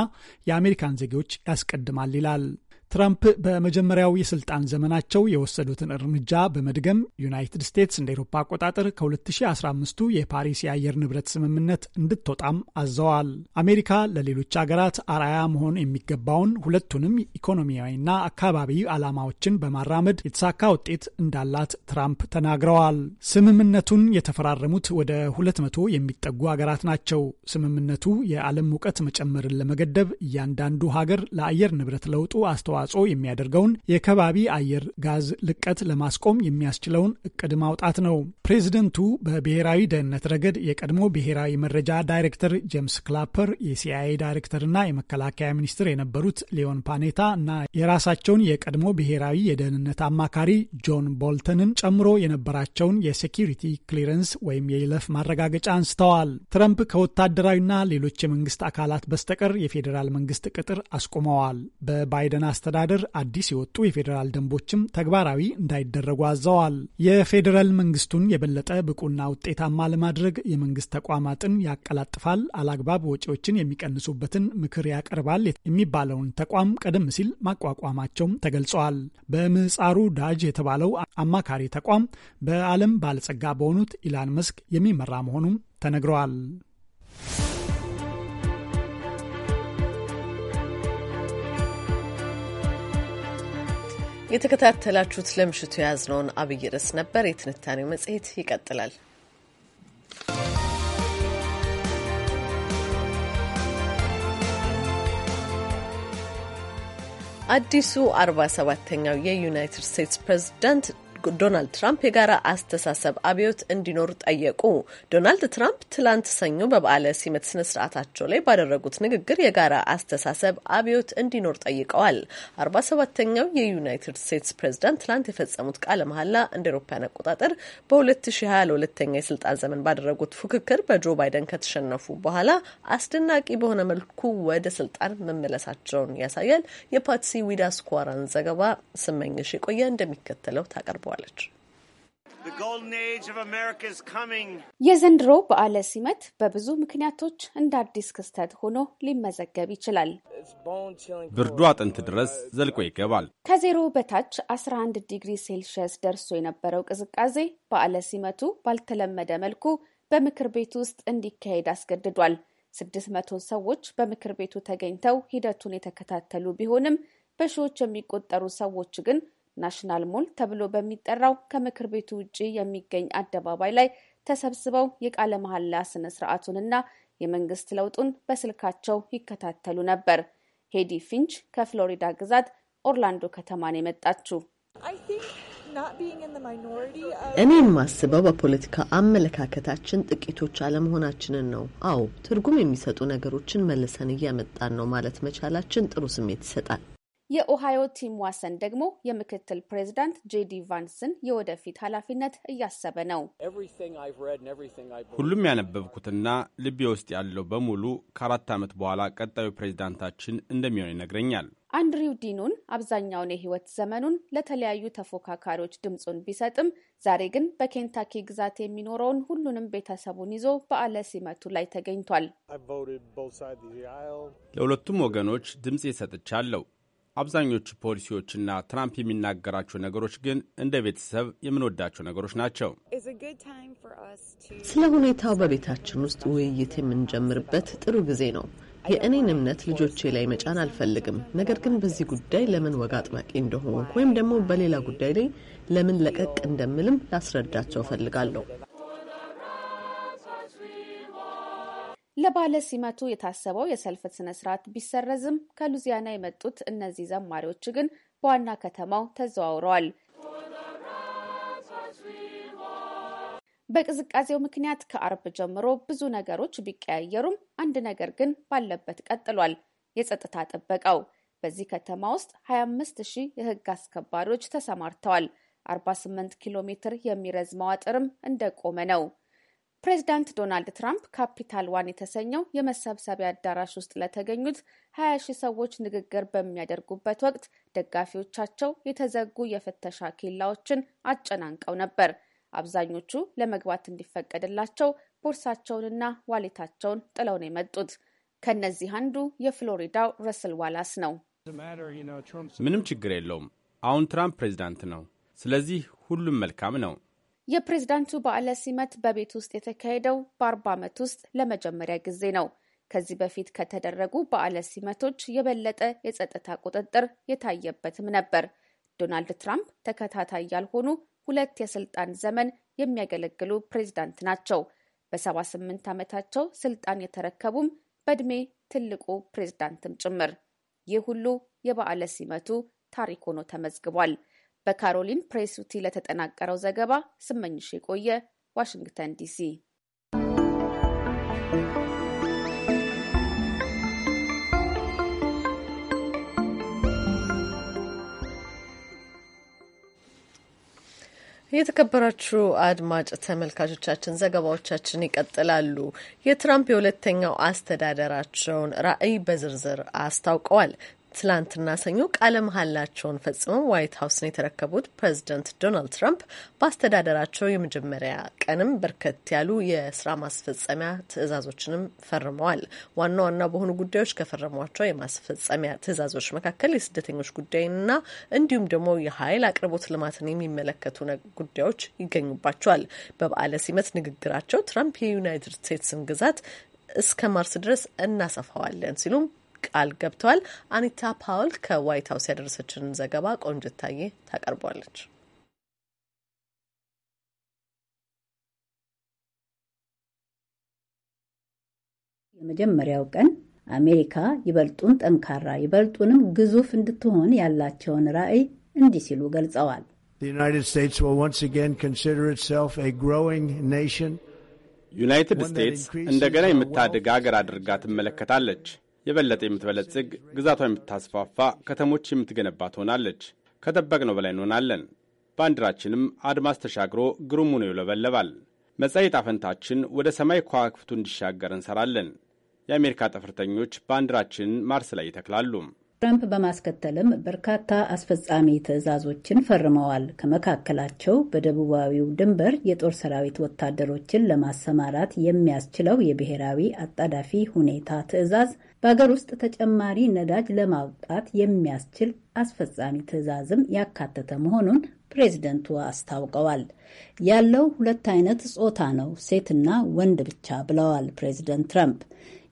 የአሜሪካን ዜጎች ያስቀድማል ይላል። ትራምፕ በመጀመሪያው የስልጣን ዘመናቸው የወሰዱትን እርምጃ በመድገም ዩናይትድ ስቴትስ እንደ ኤሮፓ አቆጣጠር ከ 2015 የፓሪስ የአየር ንብረት ስምምነት እንድትወጣም አዘዋል። አሜሪካ ለሌሎች አገራት አርያ መሆን የሚገባውን ሁለቱንም ኢኮኖሚያዊና አካባቢ ዓላማዎችን በማራመድ የተሳካ ውጤት እንዳላት ትራምፕ ተናግረዋል። ስምምነቱን የተፈራረሙት ወደ 200 የሚጠጉ አገራት ናቸው። ስምምነቱ የዓለም ሙቀት መጨመርን ለመገደብ እያንዳንዱ ሀገር ለአየር ንብረት ለውጡ አስተዋ አስተዋጽኦ የሚያደርገውን የከባቢ አየር ጋዝ ልቀት ለማስቆም የሚያስችለውን እቅድ ማውጣት ነው። ፕሬዚደንቱ በብሔራዊ ደህንነት ረገድ የቀድሞ ብሔራዊ መረጃ ዳይሬክተር ጄምስ ክላፐር፣ የሲአይኤ ዳይሬክተርና የመከላከያ ሚኒስትር የነበሩት ሊዮን ፓኔታ እና የራሳቸውን የቀድሞ ብሔራዊ የደህንነት አማካሪ ጆን ቦልተንን ጨምሮ የነበራቸውን የሴኪሪቲ ክሊረንስ ወይም የይለፍ ማረጋገጫ አንስተዋል። ትረምፕ ከወታደራዊና ሌሎች የመንግስት አካላት በስተቀር የፌዴራል መንግስት ቅጥር አስቁመዋል። በባይደን አስተዳደር አስተዳደር አዲስ የወጡ የፌዴራል ደንቦችም ተግባራዊ እንዳይደረጉ አዘዋል። የፌዴራል መንግስቱን የበለጠ ብቁና ውጤታማ ለማድረግ የመንግስት ተቋማትን ያቀላጥፋል፣ አላግባብ ወጪዎችን የሚቀንሱበትን ምክር ያቀርባል የሚባለውን ተቋም ቀደም ሲል ማቋቋማቸውም ተገልጸዋል። በምህጻሩ ዳጅ የተባለው አማካሪ ተቋም በዓለም ባለጸጋ በሆኑት ኢላን መስክ የሚመራ መሆኑም ተነግረዋል። የተከታተላችሁት ለምሽቱ የያዝነውን አብይ ርዕስ ነበር። የትንታኔው መጽሔት ይቀጥላል። አዲሱ 47 ሰባተኛው የዩናይትድ ስቴትስ ፕሬዝዳንት ዶናልድ ትራምፕ የጋራ አስተሳሰብ አብዮት እንዲኖር ጠየቁ። ዶናልድ ትራምፕ ትላንት ሰኞ በበዓለ ሲመት ስነ ስርዓታቸው ላይ ባደረጉት ንግግር የጋራ አስተሳሰብ አብዮት እንዲኖር ጠይቀዋል። አርባ ሰባተኛው የዩናይትድ ስቴትስ ፕሬዚዳንት ትላንት የፈጸሙት ቃለ መሐላ እንደ ኤሮፓያን አቆጣጠር በ2020 ለሁለተኛ የስልጣን ዘመን ባደረጉት ፉክክር በጆ ባይደን ከተሸነፉ በኋላ አስደናቂ በሆነ መልኩ ወደ ስልጣን መመለሳቸውን ያሳያል። የፓትሲ ዊዳስኳራን ዘገባ ስመኝሽ የቆየ እንደሚከተለው ታቀርቧል። ታቀርበዋለች። የዘንድሮ በዓለ ሲመት በብዙ ምክንያቶች እንደ አዲስ ክስተት ሆኖ ሊመዘገብ ይችላል። ብርዱ አጥንት ድረስ ዘልቆ ይገባል። ከዜሮ በታች 11 ዲግሪ ሴልሺየስ ደርሶ የነበረው ቅዝቃዜ በዓለ ሲመቱ ባልተለመደ መልኩ በምክር ቤቱ ውስጥ እንዲካሄድ አስገድዷል። 600 ሰዎች በምክር ቤቱ ተገኝተው ሂደቱን የተከታተሉ ቢሆንም በሺዎች የሚቆጠሩ ሰዎች ግን ናሽናል ሞል ተብሎ በሚጠራው ከምክር ቤቱ ውጭ የሚገኝ አደባባይ ላይ ተሰብስበው የቃለ መሐላ ስነ ስርዓቱንና የመንግስት ለውጡን በስልካቸው ይከታተሉ ነበር። ሄዲ ፊንች ከፍሎሪዳ ግዛት ኦርላንዶ ከተማን የመጣችው እኔ የማስበው በፖለቲካ አመለካከታችን ጥቂቶች አለመሆናችንን ነው። አዎ ትርጉም የሚሰጡ ነገሮችን መልሰን እያመጣን ነው ማለት መቻላችን ጥሩ ስሜት ይሰጣል። የኦሃዮ ቲም ዋሰን ደግሞ የምክትል ፕሬዚዳንት ጄዲ ቫንስን የወደፊት ኃላፊነት እያሰበ ነው። ሁሉም ያነበብኩትና ልቤ ውስጥ ያለው በሙሉ ከአራት ዓመት በኋላ ቀጣዩ ፕሬዚዳንታችን እንደሚሆን ይነግረኛል። አንድሪው ዲኑን አብዛኛውን የህይወት ዘመኑን ለተለያዩ ተፎካካሪዎች ድምፁን ቢሰጥም ዛሬ ግን በኬንታኪ ግዛት የሚኖረውን ሁሉንም ቤተሰቡን ይዞ በዓለ ሲመቱ ላይ ተገኝቷል። ለሁለቱም ወገኖች ድምፅ ሰጥቻለሁ። አብዛኞቹ ፖሊሲዎችና ትራምፕ የሚናገራቸው ነገሮች ግን እንደ ቤተሰብ የምንወዳቸው ነገሮች ናቸው። ስለ ሁኔታው በቤታችን ውስጥ ውይይት የምንጀምርበት ጥሩ ጊዜ ነው። የእኔን እምነት ልጆቼ ላይ መጫን አልፈልግም። ነገር ግን በዚህ ጉዳይ ለምን ወግ አጥባቂ እንደሆኑ ወይም ደግሞ በሌላ ጉዳይ ላይ ለምን ለቀቅ እንደምልም ላስረዳቸው እፈልጋለሁ። ለባለ ሲመቱ የታሰበው የሰልፍ ስነ ስርዓት ቢሰረዝም ከሉዚያና የመጡት እነዚህ ዘማሪዎች ግን በዋና ከተማው ተዘዋውረዋል። በቅዝቃዜው ምክንያት ከአርብ ጀምሮ ብዙ ነገሮች ቢቀያየሩም አንድ ነገር ግን ባለበት ቀጥሏል፤ የጸጥታ ጥበቃው። በዚህ ከተማ ውስጥ 25 ሺህ የህግ አስከባሪዎች ተሰማርተዋል። 48 ኪሎ ሜትር የሚረዝመው አጥርም እንደቆመ ነው። ፕሬዚዳንት ዶናልድ ትራምፕ ካፒታል ዋን የተሰኘው የመሰብሰቢያ አዳራሽ ውስጥ ለተገኙት ሀያ ሺህ ሰዎች ንግግር በሚያደርጉበት ወቅት ደጋፊዎቻቸው የተዘጉ የፍተሻ ኬላዎችን አጨናንቀው ነበር። አብዛኞቹ ለመግባት እንዲፈቀድላቸው ቦርሳቸውንና ዋሌታቸውን ጥለው ነው የመጡት። ከእነዚህ አንዱ የፍሎሪዳው ረስል ዋላስ ነው። ምንም ችግር የለውም። አሁን ትራምፕ ፕሬዚዳንት ነው። ስለዚህ ሁሉም መልካም ነው። የፕሬዝዳንቱ በዓለ ሲመት በቤት ውስጥ የተካሄደው በአርባ ዓመት ውስጥ ለመጀመሪያ ጊዜ ነው። ከዚህ በፊት ከተደረጉ በዓለ ሲመቶች የበለጠ የጸጥታ ቁጥጥር የታየበትም ነበር። ዶናልድ ትራምፕ ተከታታይ ያልሆኑ ሁለት የስልጣን ዘመን የሚያገለግሉ ፕሬዝዳንት ናቸው። በ78 ዓመታቸው ስልጣን የተረከቡም በእድሜ ትልቁ ፕሬዝዳንትም ጭምር። ይህ ሁሉ የበዓለ ሲመቱ ታሪክ ሆኖ ተመዝግቧል። በካሮሊን ፕሬሱቲ ለተጠናቀረው ዘገባ ስመኝሽ የቆየ ዋሽንግተን ዲሲ። የተከበራችሁ አድማጭ ተመልካቾቻችን ዘገባዎቻችን ይቀጥላሉ። የትራምፕ የሁለተኛው አስተዳደራቸውን ራዕይ በዝርዝር አስታውቀዋል። ትላንትና ሰኞ ቃለ መሀላቸውን ፈጽመው ዋይት ሀውስን የተረከቡት ፕሬዚደንት ዶናልድ ትራምፕ በአስተዳደራቸው የመጀመሪያ ቀንም በርከት ያሉ የስራ ማስፈጸሚያ ትእዛዞችንም ፈርመዋል። ዋና ዋና በሆኑ ጉዳዮች ከፈረሟቸው የማስፈጸሚያ ትዕዛዞች መካከል የስደተኞች ጉዳይንና እንዲሁም ደግሞ የኃይል አቅርቦት ልማትን የሚመለከቱ ጉዳዮች ይገኙባቸዋል። በበዓለ ሲመት ንግግራቸው ትራምፕ የዩናይትድ ስቴትስን ግዛት እስከ ማርስ ድረስ እናሰፋዋለን ሲሉም ቃል ገብተዋል። አኒታ ፓውል ከዋይት ሀውስ ያደረሰችንን ዘገባ ቆንጅታዬ ታቀርቧለች። የመጀመሪያው ቀን አሜሪካ ይበልጡን ጠንካራ ይበልጡንም ግዙፍ እንድትሆን ያላቸውን ራዕይ እንዲህ ሲሉ ገልጸዋል። ዩናይትድ ስቴትስ እንደገና የምታድግ ሀገር አድርጋ ትመለከታለች። የበለጠ የምትበለጽግ፣ ግዛቷ የምታስፋፋ፣ ከተሞች የምትገነባ ትሆናለች። ከጠበቅነው በላይ እንሆናለን። ባንዲራችንም አድማስ ተሻግሮ ግሩም ሆኖ ይውለበለባል። መጻኢ ዕጣ ፈንታችን ወደ ሰማይ ከዋክብቱ እንዲሻገር እንሰራለን። የአሜሪካ ጠፈርተኞች ባንዲራችንን ማርስ ላይ ይተክላሉ። ትራምፕ በማስከተልም በርካታ አስፈጻሚ ትዕዛዞችን ፈርመዋል። ከመካከላቸው በደቡባዊው ድንበር የጦር ሰራዊት ወታደሮችን ለማሰማራት የሚያስችለው የብሔራዊ አጣዳፊ ሁኔታ ትዕዛዝ በሀገር ውስጥ ተጨማሪ ነዳጅ ለማውጣት የሚያስችል አስፈጻሚ ትዕዛዝም ያካተተ መሆኑን ፕሬዝደንቱ አስታውቀዋል። ያለው ሁለት አይነት ጾታ ነው፣ ሴትና ወንድ ብቻ ብለዋል ፕሬዝደንት ትራምፕ።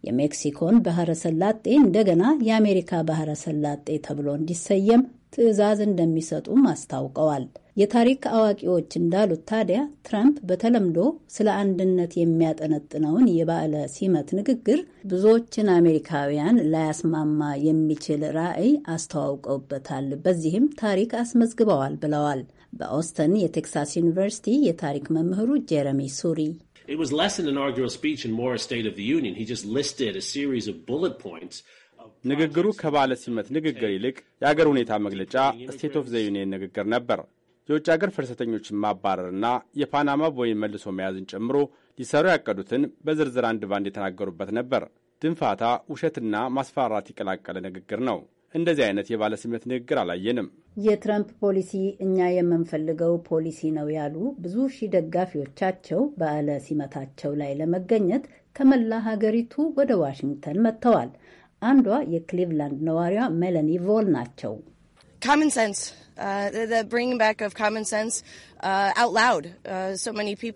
የሜክሲኮን ባህረ ሰላጤ እንደገና የአሜሪካ ባህረ ሰላጤ ተብሎ እንዲሰየም ትዕዛዝ እንደሚሰጡም አስታውቀዋል። የታሪክ አዋቂዎች እንዳሉት ታዲያ ትራምፕ በተለምዶ ስለ አንድነት የሚያጠነጥነውን የባዕለ ሲመት ንግግር ብዙዎችን አሜሪካውያን ላያስማማ የሚችል ራዕይ አስተዋውቀውበታል። በዚህም ታሪክ አስመዝግበዋል ብለዋል። በኦስተን የቴክሳስ ዩኒቨርሲቲ የታሪክ መምህሩ ጄረሚ ሱሪ It was less an inaugural speech and more a State of the Union. He just listed a series of bullet points ንግግሩ ከባለ ሲመት ንግግር ይልቅ የአገር ሁኔታ መግለጫ ስቴት ኦፍ ዘ ዩኒየን ንግግር ነበር። የውጭ አገር ፍልሰተኞችን ማባረርና የፓናማ ቦይን መልሶ መያዝን ጨምሮ ሊሰሩ ያቀዱትን በዝርዝር አንድ ባንድ የተናገሩበት ነበር። ድንፋታ፣ ውሸትና ማስፈራራት የቀላቀለ ንግግር ነው። እንደዚህ አይነት የባለ ስሜት ንግግር አላየንም። የትረምፕ ፖሊሲ እኛ የምንፈልገው ፖሊሲ ነው ያሉ ብዙ ሺህ ደጋፊዎቻቸው በዓለ ሲመታቸው ላይ ለመገኘት ከመላ ሀገሪቱ ወደ ዋሽንግተን መጥተዋል። አንዷ የክሊቭላንድ ነዋሪዋ ሜለኒ ቮል ናቸው። uh, uh,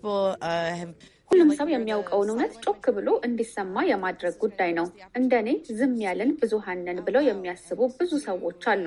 uh, ሁሉም ሰው የሚያውቀውን እውነት ጮክ ብሎ እንዲሰማ የማድረግ ጉዳይ ነው። እንደኔ ዝም ያለን ብዙሃንን ብለው የሚያስቡ ብዙ ሰዎች አሉ።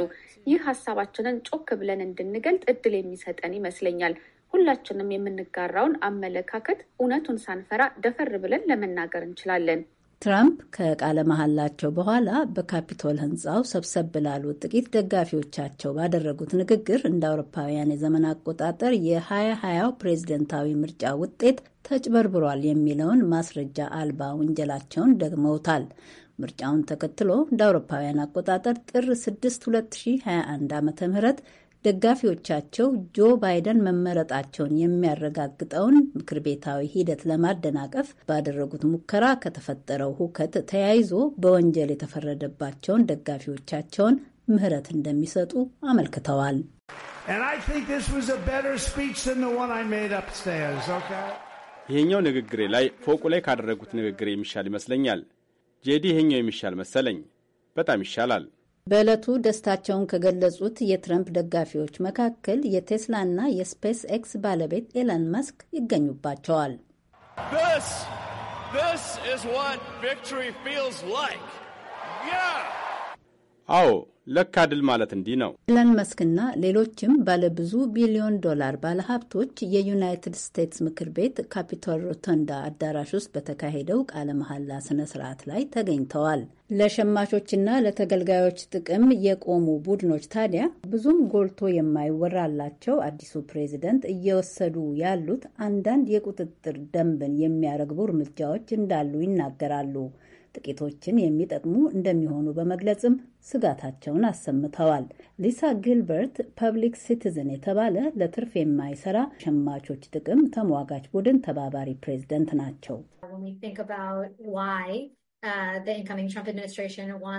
ይህ ሀሳባችንን ጮክ ብለን እንድንገልጥ እድል የሚሰጠን ይመስለኛል። ሁላችንም የምንጋራውን አመለካከት እውነቱን ሳንፈራ ደፈር ብለን ለመናገር እንችላለን። ትራምፕ ከቃለ መሐላቸው በኋላ በካፒቶል ህንፃው ሰብሰብ ብላሉ ጥቂት ደጋፊዎቻቸው ባደረጉት ንግግር እንደ አውሮፓውያን የዘመን አቆጣጠር የ2020 ፕሬዝደንታዊ ምርጫ ውጤት ተጭበርብሯል የሚለውን ማስረጃ አልባ ውንጀላቸውን ደግመውታል። ምርጫውን ተከትሎ እንደ አውሮፓውያን አቆጣጠር ጥር 6 2021 ዓ ም ደጋፊዎቻቸው ጆ ባይደን መመረጣቸውን የሚያረጋግጠውን ምክር ቤታዊ ሂደት ለማደናቀፍ ባደረጉት ሙከራ ከተፈጠረው ሁከት ተያይዞ በወንጀል የተፈረደባቸውን ደጋፊዎቻቸውን ምህረት እንደሚሰጡ አመልክተዋል። ይህኛው ንግግሬ ላይ ፎቁ ላይ ካደረጉት ንግግር የሚሻል ይመስለኛል። ጄዲ ይህኛው የሚሻል መሰለኝ። በጣም ይሻላል። በዕለቱ ደስታቸውን ከገለጹት የትረምፕ ደጋፊዎች መካከል የቴስላና የስፔስ ኤክስ ባለቤት ኤለን መስክ ይገኙባቸዋል። This, this is what victory feels like. Yeah! አዎ ለካ ድል ማለት እንዲህ ነው። ኢለን መስክና ሌሎችም ባለብዙ ቢሊዮን ዶላር ባለሀብቶች የዩናይትድ ስቴትስ ምክር ቤት ካፒቶል ሮቶንዳ አዳራሽ ውስጥ በተካሄደው ቃለ መሐላ ስነ ስርዓት ላይ ተገኝተዋል። ለሸማቾችና ለተገልጋዮች ጥቅም የቆሙ ቡድኖች ታዲያ ብዙም ጎልቶ የማይወራላቸው አዲሱ ፕሬዚደንት እየወሰዱ ያሉት አንዳንድ የቁጥጥር ደንብን የሚያረግቡ እርምጃዎች እንዳሉ ይናገራሉ። ጥቂቶችን የሚጠቅሙ እንደሚሆኑ በመግለጽም ስጋታቸውን አሰምተዋል። ሊሳ ጊልበርት ፐብሊክ ሲቲዝን የተባለ ለትርፍ የማይሰራ ሸማቾች ጥቅም ተሟጋች ቡድን ተባባሪ ፕሬዝደንት ናቸው። uh,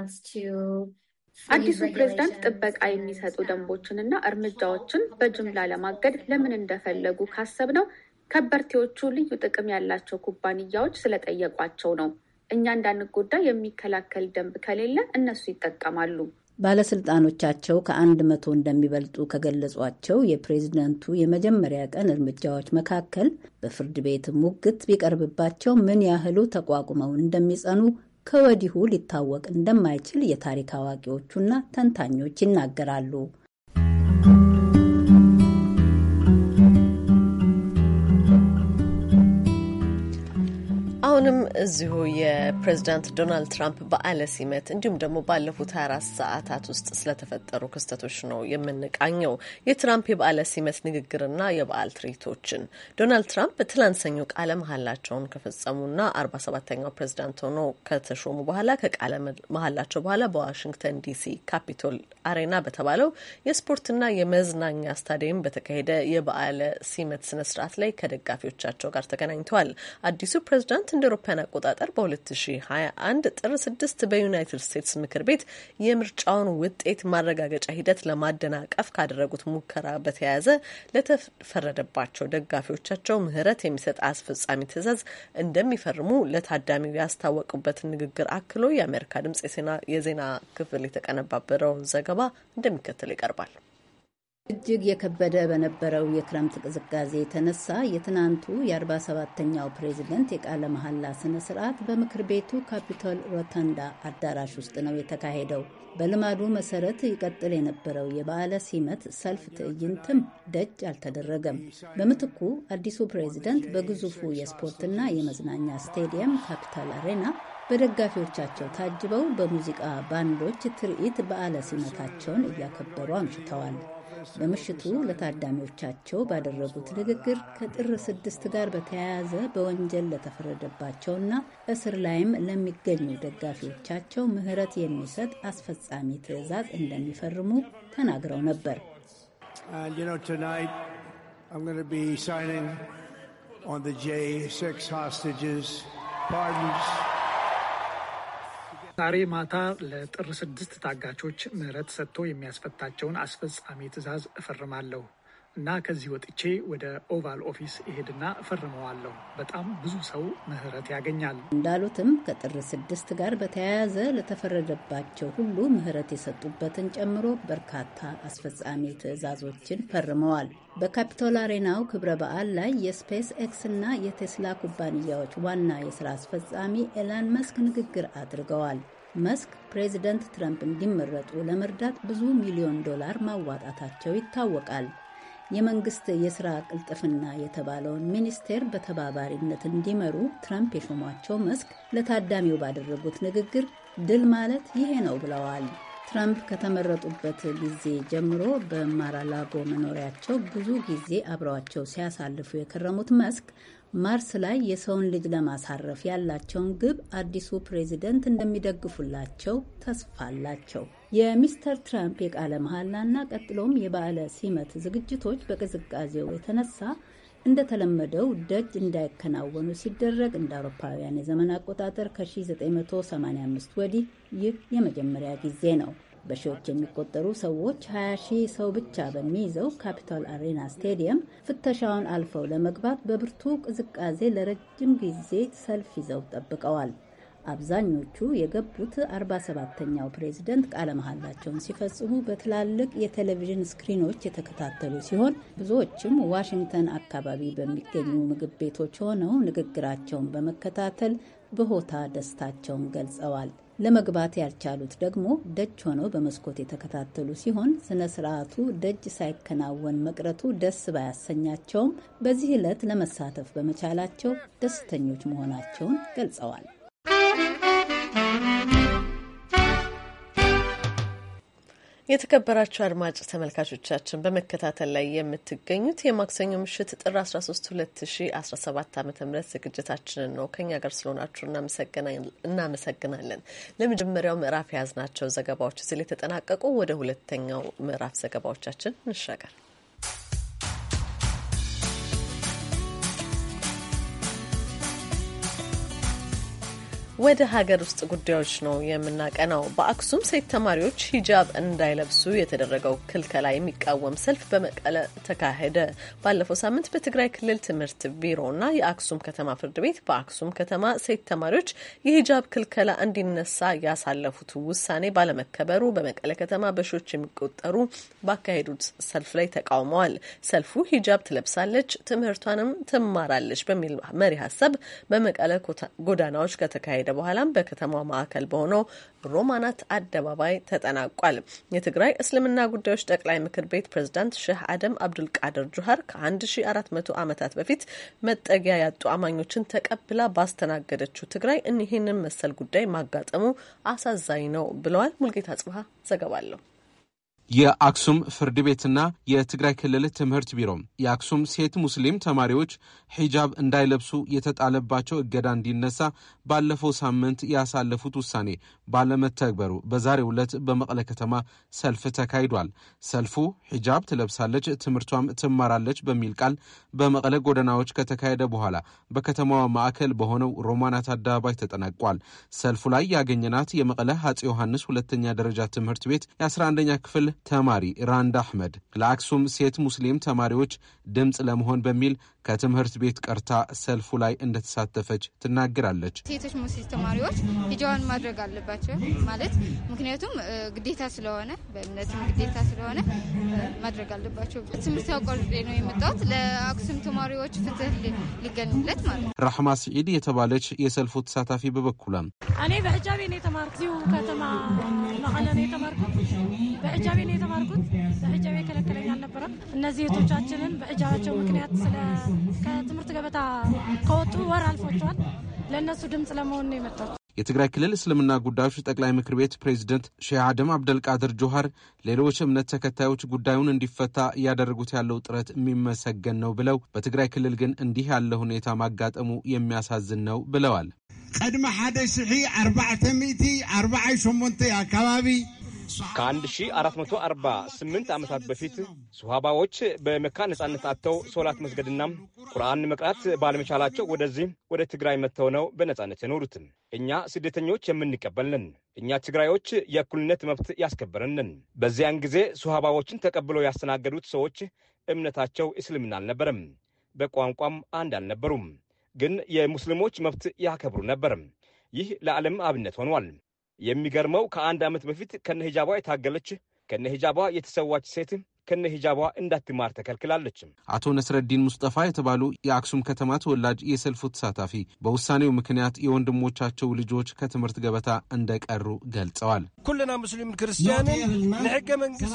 አዲሱ ፕሬዝዳንት ጥበቃ የሚሰጡ ደንቦችንና እርምጃዎችን በጅምላ ለማገድ ለምን እንደፈለጉ ካሰብ ነው ከበርቴዎቹ ልዩ ጥቅም ያላቸው ኩባንያዎች ስለጠየቋቸው ነው። እኛ እንዳንጎዳ የሚከላከል ደንብ ከሌለ እነሱ ይጠቀማሉ። ባለስልጣኖቻቸው ከአንድ መቶ እንደሚበልጡ ከገለጿቸው የፕሬዝደንቱ የመጀመሪያ ቀን እርምጃዎች መካከል በፍርድ ቤት ሙግት ቢቀርብባቸው ምን ያህሉ ተቋቁመው እንደሚጸኑ ከወዲሁ ሊታወቅ እንደማይችል የታሪክ አዋቂዎቹና ተንታኞች ይናገራሉ። አሁንም እዚሁ የፕሬዚዳንት ዶናልድ ትራምፕ በዓለ ሲመት እንዲሁም ደግሞ ባለፉት 24 ሰዓታት ውስጥ ስለተፈጠሩ ክስተቶች ነው የምንቃኘው። የትራምፕ የበዓለ ሲመት ንግግርና የበዓል ትርኢቶችን ዶናልድ ትራምፕ ትላንት ሰኞ ቃለ መሀላቸውን ከፈጸሙና 47ኛው ፕሬዚዳንት ሆኖ ከተሾሙ በኋላ ከቃለ መሀላቸው በኋላ በዋሽንግተን ዲሲ ካፒቶል አሬና በተባለው የስፖርትና የመዝናኛ ስታዲየም በተካሄደ የበዓለ ሲመት ስነስርዓት ላይ ከደጋፊዎቻቸው ጋር ተገናኝተዋል። አዲሱ ፕሬዚዳንት እንደ አውሮፓውያን አቆጣጠር በ2021 ጥር 6 በዩናይትድ ስቴትስ ምክር ቤት የምርጫውን ውጤት ማረጋገጫ ሂደት ለማደናቀፍ ካደረጉት ሙከራ በተያያዘ ለተፈረደባቸው ደጋፊዎቻቸው ምህረት የሚሰጥ አስፈጻሚ ትዕዛዝ እንደሚፈርሙ ለታዳሚው ያስታወቁበትን ንግግር አክሎ የአሜሪካ ድምጽ የዜና ክፍል የተቀነባበረውን ዘገባ እንደሚከተል ይቀርባል። እጅግ የከበደ በነበረው የክረምት ቅዝቃዜ የተነሳ የትናንቱ የ 47 ተኛው ፕሬዚደንት የቃለ መሐላ ስነ ስርዓት በምክር ቤቱ ካፒቶል ሮተንዳ አዳራሽ ውስጥ ነው የተካሄደው። በልማዱ መሰረት ይቀጥል የነበረው የበዓለ ሲመት ሰልፍ ትዕይንትም ደጅ አልተደረገም። በምትኩ አዲሱ ፕሬዚደንት በግዙፉ የስፖርትና የመዝናኛ ስቴዲየም ካፒታል አሬና በደጋፊዎቻቸው ታጅበው በሙዚቃ ባንዶች ትርኢት በዓለ ሲመታቸውን እያከበሩ አምሽተዋል። በምሽቱ ለታዳሚዎቻቸው ባደረጉት ንግግር ከጥር ስድስት ጋር በተያያዘ በወንጀል ለተፈረደባቸውና እስር ላይም ለሚገኙ ደጋፊዎቻቸው ምህረት የሚሰጥ አስፈጻሚ ትዕዛዝ እንደሚፈርሙ ተናግረው ነበር። ሆስታጅስ ዛሬ ማታ ለጥር ስድስት ታጋቾች ምህረት ሰጥቶ የሚያስፈታቸውን አስፈጻሚ ትዕዛዝ እፈርማለሁ። እና ከዚህ ወጥቼ ወደ ኦቫል ኦፊስ እሄድና እፈርመዋለሁ። በጣም ብዙ ሰው ምህረት ያገኛል። እንዳሉትም ከጥር ስድስት ጋር በተያያዘ ለተፈረደባቸው ሁሉ ምህረት የሰጡበትን ጨምሮ በርካታ አስፈጻሚ ትዕዛዞችን ፈርመዋል። በካፒቶል አሬናው ክብረ በዓል ላይ የስፔስ ኤክስ እና የቴስላ ኩባንያዎች ዋና የስራ አስፈጻሚ ኤላን መስክ ንግግር አድርገዋል። መስክ ፕሬዚደንት ትራምፕ እንዲመረጡ ለመርዳት ብዙ ሚሊዮን ዶላር ማዋጣታቸው ይታወቃል። የመንግስት የስራ ቅልጥፍና የተባለውን ሚኒስቴር በተባባሪነት እንዲመሩ ትራምፕ የሾሟቸው መስክ ለታዳሚው ባደረጉት ንግግር ድል ማለት ይሄ ነው ብለዋል። ትራምፕ ከተመረጡበት ጊዜ ጀምሮ በማራላጎ መኖሪያቸው ብዙ ጊዜ አብረዋቸው ሲያሳልፉ የከረሙት መስክ ማርስ ላይ የሰውን ልጅ ለማሳረፍ ያላቸውን ግብ አዲሱ ፕሬዚደንት እንደሚደግፉላቸው ተስፋ አላቸው። የሚስተር ትራምፕ የቃለ መሐላና ቀጥሎም የበዓለ ሲመት ዝግጅቶች በቅዝቃዜው የተነሳ እንደተለመደው ደጅ እንዳይከናወኑ ሲደረግ እንደ አውሮፓውያን የዘመን አቆጣጠር ከ1985 ወዲህ ይህ የመጀመሪያ ጊዜ ነው። በሺዎች የሚቆጠሩ ሰዎች 20 ሺህ ሰው ብቻ በሚይዘው ካፒታል አሬና ስቴዲየም ፍተሻውን አልፈው ለመግባት በብርቱ ቅዝቃዜ ለረጅም ጊዜ ሰልፍ ይዘው ጠብቀዋል። አብዛኞቹ የገቡት 47ተኛው ፕሬዝደንት ቃለ መሐላቸውን ሲፈጽሙ በትላልቅ የቴሌቪዥን ስክሪኖች የተከታተሉ ሲሆን ብዙዎችም ዋሽንግተን አካባቢ በሚገኙ ምግብ ቤቶች ሆነው ንግግራቸውን በመከታተል በሆታ ደስታቸውን ገልጸዋል። ለመግባት ያልቻሉት ደግሞ ደጅ ሆነው በመስኮት የተከታተሉ ሲሆን ስነ ስርዓቱ ደጅ ሳይከናወን መቅረቱ ደስ ባያሰኛቸውም በዚህ ዕለት ለመሳተፍ በመቻላቸው ደስተኞች መሆናቸውን ገልጸዋል። የተከበራችሁ አድማጭ ተመልካቾቻችን በመከታተል ላይ የምትገኙት የማክሰኞ ምሽት ጥር 13 2017 ዓ ም ዝግጅታችንን ነው። ከኛ ጋር ስለሆናችሁ እናመሰግናለን። ለመጀመሪያው ምዕራፍ የያዝናቸው ዘገባዎች እዚህ ላይ የተጠናቀቁ፣ ወደ ሁለተኛው ምዕራፍ ዘገባዎቻችን እንሻገር። ወደ ሀገር ውስጥ ጉዳዮች ነው የምናቀናው። በአክሱም ሴት ተማሪዎች ሂጃብ እንዳይለብሱ የተደረገው ክልከላ የሚቃወም ሰልፍ በመቀለ ተካሄደ። ባለፈው ሳምንት በትግራይ ክልል ትምህርት ቢሮና የአክሱም ከተማ ፍርድ ቤት በአክሱም ከተማ ሴት ተማሪዎች የሂጃብ ክልከላ እንዲነሳ ያሳለፉት ውሳኔ ባለመከበሩ በመቀለ ከተማ በሺዎች የሚቆጠሩ ባካሄዱት ሰልፍ ላይ ተቃውመዋል። ሰልፉ ሂጃብ ትለብሳለች፣ ትምህርቷንም ትማራለች በሚል መሪ ሀሳብ በመቀለ ጎዳናዎች ከተካሄደ ከተካሄደ በኋላም በከተማው ማዕከል በሆነው ሮማናት አደባባይ ተጠናቋል። የትግራይ እስልምና ጉዳዮች ጠቅላይ ምክር ቤት ፕሬዝዳንት ሼህ አደም አብዱልቃድር ጁሀር ከ1400 ዓመታት በፊት መጠጊያ ያጡ አማኞችን ተቀብላ ባስተናገደችው ትግራይ ይህንን መሰል ጉዳይ ማጋጠሙ አሳዛኝ ነው ብለዋል። ሙልጌታ ጽብሀ ዘገባለሁ። የአክሱም ፍርድ ቤትና የትግራይ ክልል ትምህርት ቢሮ የአክሱም ሴት ሙስሊም ተማሪዎች ሒጃብ እንዳይለብሱ የተጣለባቸው እገዳ እንዲነሳ ባለፈው ሳምንት ያሳለፉት ውሳኔ ባለመተግበሩ በዛሬው ዕለት በመቀለ ከተማ ሰልፍ ተካሂዷል። ሰልፉ ሒጃብ ትለብሳለች፣ ትምህርቷም ትማራለች በሚል ቃል በመቀለ ጎዳናዎች ከተካሄደ በኋላ በከተማዋ ማዕከል በሆነው ሮማናት አደባባይ ተጠናቋል። ሰልፉ ላይ ያገኘናት የመቀለ አፄ ዮሐንስ ሁለተኛ ደረጃ ትምህርት ቤት የ11ኛ ክፍል ተማሪ ራንድ አሕመድ ለአክሱም ሴት ሙስሊም ተማሪዎች ድምፅ ለመሆን በሚል ከትምህርት ቤት ቀርታ ሰልፉ ላይ እንደተሳተፈች ትናገራለች። ሴቶች ሙስሊም ተማሪዎች ሂጃዋን ማድረግ አለባቸው ማለት ምክንያቱም ግዴታ ስለሆነ በእምነትም ግዴታ ስለሆነ ማድረግ አለባቸው። ትምህርት አቋርጬ ነው የመጣሁት። ለአክሱም ተማሪዎች ፍትህ ሊገኝለት ማለት ራህማ ስዒድ የተባለች የሰልፉ ተሳታፊ በበኩሏም እኔ በሕጃቤ ነው የተማርኩት ከተማ መቀለ ነው የተማርኩት በሕጃቤ ነው የተማርኩት። ሂጃብ የከለከለኝ አልነበረም። እነዚህ እህቶቻችንን በሂጃባቸው ምክንያት ከትምህርት ገበታ ከወጡ ወር አልፎቸዋል። ለእነሱ ድምፅ ለመሆን ነው የመጣው። የትግራይ ክልል እስልምና ጉዳዮች ጠቅላይ ምክር ቤት ፕሬዚደንት ሼህ አደም አብደልቃድር ጆሃር ሌሎች እምነት ተከታዮች ጉዳዩን እንዲፈታ እያደረጉት ያለው ጥረት የሚመሰገን ነው ብለው በትግራይ ክልል ግን እንዲህ ያለ ሁኔታ ማጋጠሙ የሚያሳዝን ነው ብለዋል። ቀድመ ሓደ ሽሒ አርባዕተ ሚእቲ አርባዓይ ሸሞንተ አካባቢ ከ1448 ዓመታት በፊት ሱሃባዎች በመካ ነጻነት አጥተው ሶላት መስገድና ቁርአን መቅራት ባለመቻላቸው ወደዚህ ወደ ትግራይ መጥተው ነው በነጻነት የኖሩትም። እኛ ስደተኞች የምንቀበልንን እኛ ትግራዮች የእኩልነት መብት ያስከበረንን። በዚያን ጊዜ ሱሃባዎችን ተቀብለው ያስተናገዱት ሰዎች እምነታቸው እስልምና አልነበረም፣ በቋንቋም አንድ አልነበሩም። ግን የሙስሊሞች መብት ያከብሩ ነበር። ይህ ለዓለም አብነት ሆኗል። የሚገርመው ከአንድ ዓመት በፊት ከነ ሂጃቧ የታገለች ከነ ሂጃቧ የተሰዋች ሴት ከነ ሂጃቧ እንዳትማር ተከልክላለችም አቶ ነስረዲን ሙስጠፋ የተባሉ የአክሱም ከተማ ተወላጅ የሰልፉ ተሳታፊ በውሳኔው ምክንያት የወንድሞቻቸው ልጆች ከትምህርት ገበታ እንደቀሩ ገልጸዋል። ኩልና ሙስሊም ክርስቲያን ንሕገ መንግስት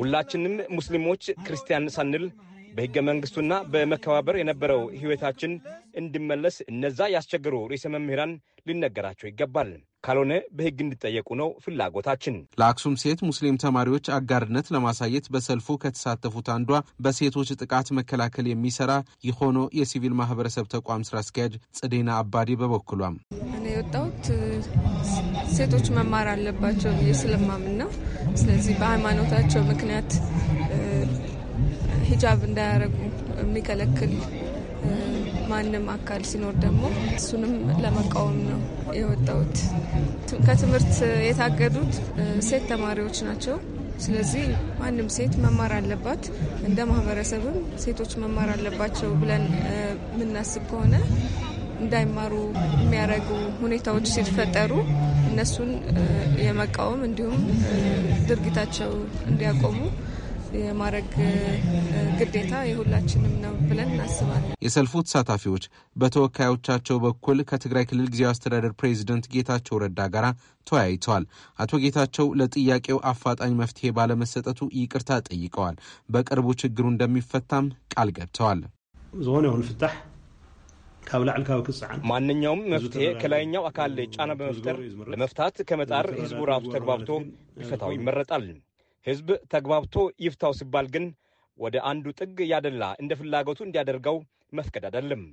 ሁላችንም ሙስሊሞች ክርስቲያን ሳንል በሕገ መንግሥቱና በመከባበር የነበረው ሕይወታችን እንዲመለስ እነዛ ያስቸገሩ ርዕሰ መምህራን ሊነገራቸው ይገባል። ካልሆነ በህግ እንዲጠየቁ ነው ፍላጎታችን። ለአክሱም ሴት ሙስሊም ተማሪዎች አጋርነት ለማሳየት በሰልፉ ከተሳተፉት አንዷ በሴቶች ጥቃት መከላከል የሚሰራ የሆኖ የሲቪል ማህበረሰብ ተቋም ስራ አስኪያጅ ጽዴና አባዴ በበኩሏም እኔ የወጣሁት ሴቶች መማር አለባቸው ብዬ ስለማምን ነው። ስለዚህ በሃይማኖታቸው ምክንያት ሂጃብ እንዳያረጉ የሚከለክል ማንም አካል ሲኖር ደግሞ እሱንም ለመቃወም ነው የወጣሁት። ከትምህርት የታገዱት ሴት ተማሪዎች ናቸው። ስለዚህ ማንም ሴት መማር አለባት፣ እንደ ማህበረሰብም ሴቶች መማር አለባቸው ብለን የምናስብ ከሆነ እንዳይማሩ የሚያደርጉ ሁኔታዎች ሲፈጠሩ እነሱን የመቃወም እንዲሁም ድርጊታቸው እንዲያቆሙ የማድረግ ግዴታ የሁላችንም ነው ብለን እናስባለን። የሰልፉ ተሳታፊዎች በተወካዮቻቸው በኩል ከትግራይ ክልል ጊዜያዊ አስተዳደር ፕሬዚደንት ጌታቸው ረዳ ጋር ተወያይተዋል። አቶ ጌታቸው ለጥያቄው አፋጣኝ መፍትሄ ባለመሰጠቱ ይቅርታ ጠይቀዋል። በቅርቡ ችግሩ እንደሚፈታም ቃል ገብተዋል። ዝኾነ ይኹን ፍታሕ ካብ ካብ ክፅዓን ማንኛውም መፍትሄ ከላይኛው አካል ጫና በመፍጠር ለመፍታት ከመጣር ህዝቡ ራሱ ተግባብቶ ቢፈታው ይመረጣል። ህዝብ ተግባብቶ ይፍታው ሲባል ግን ወደ አንዱ ጥግ ያደላ እንደ ፍላጎቱ እንዲያደርገው መፍቀድ አይደለም።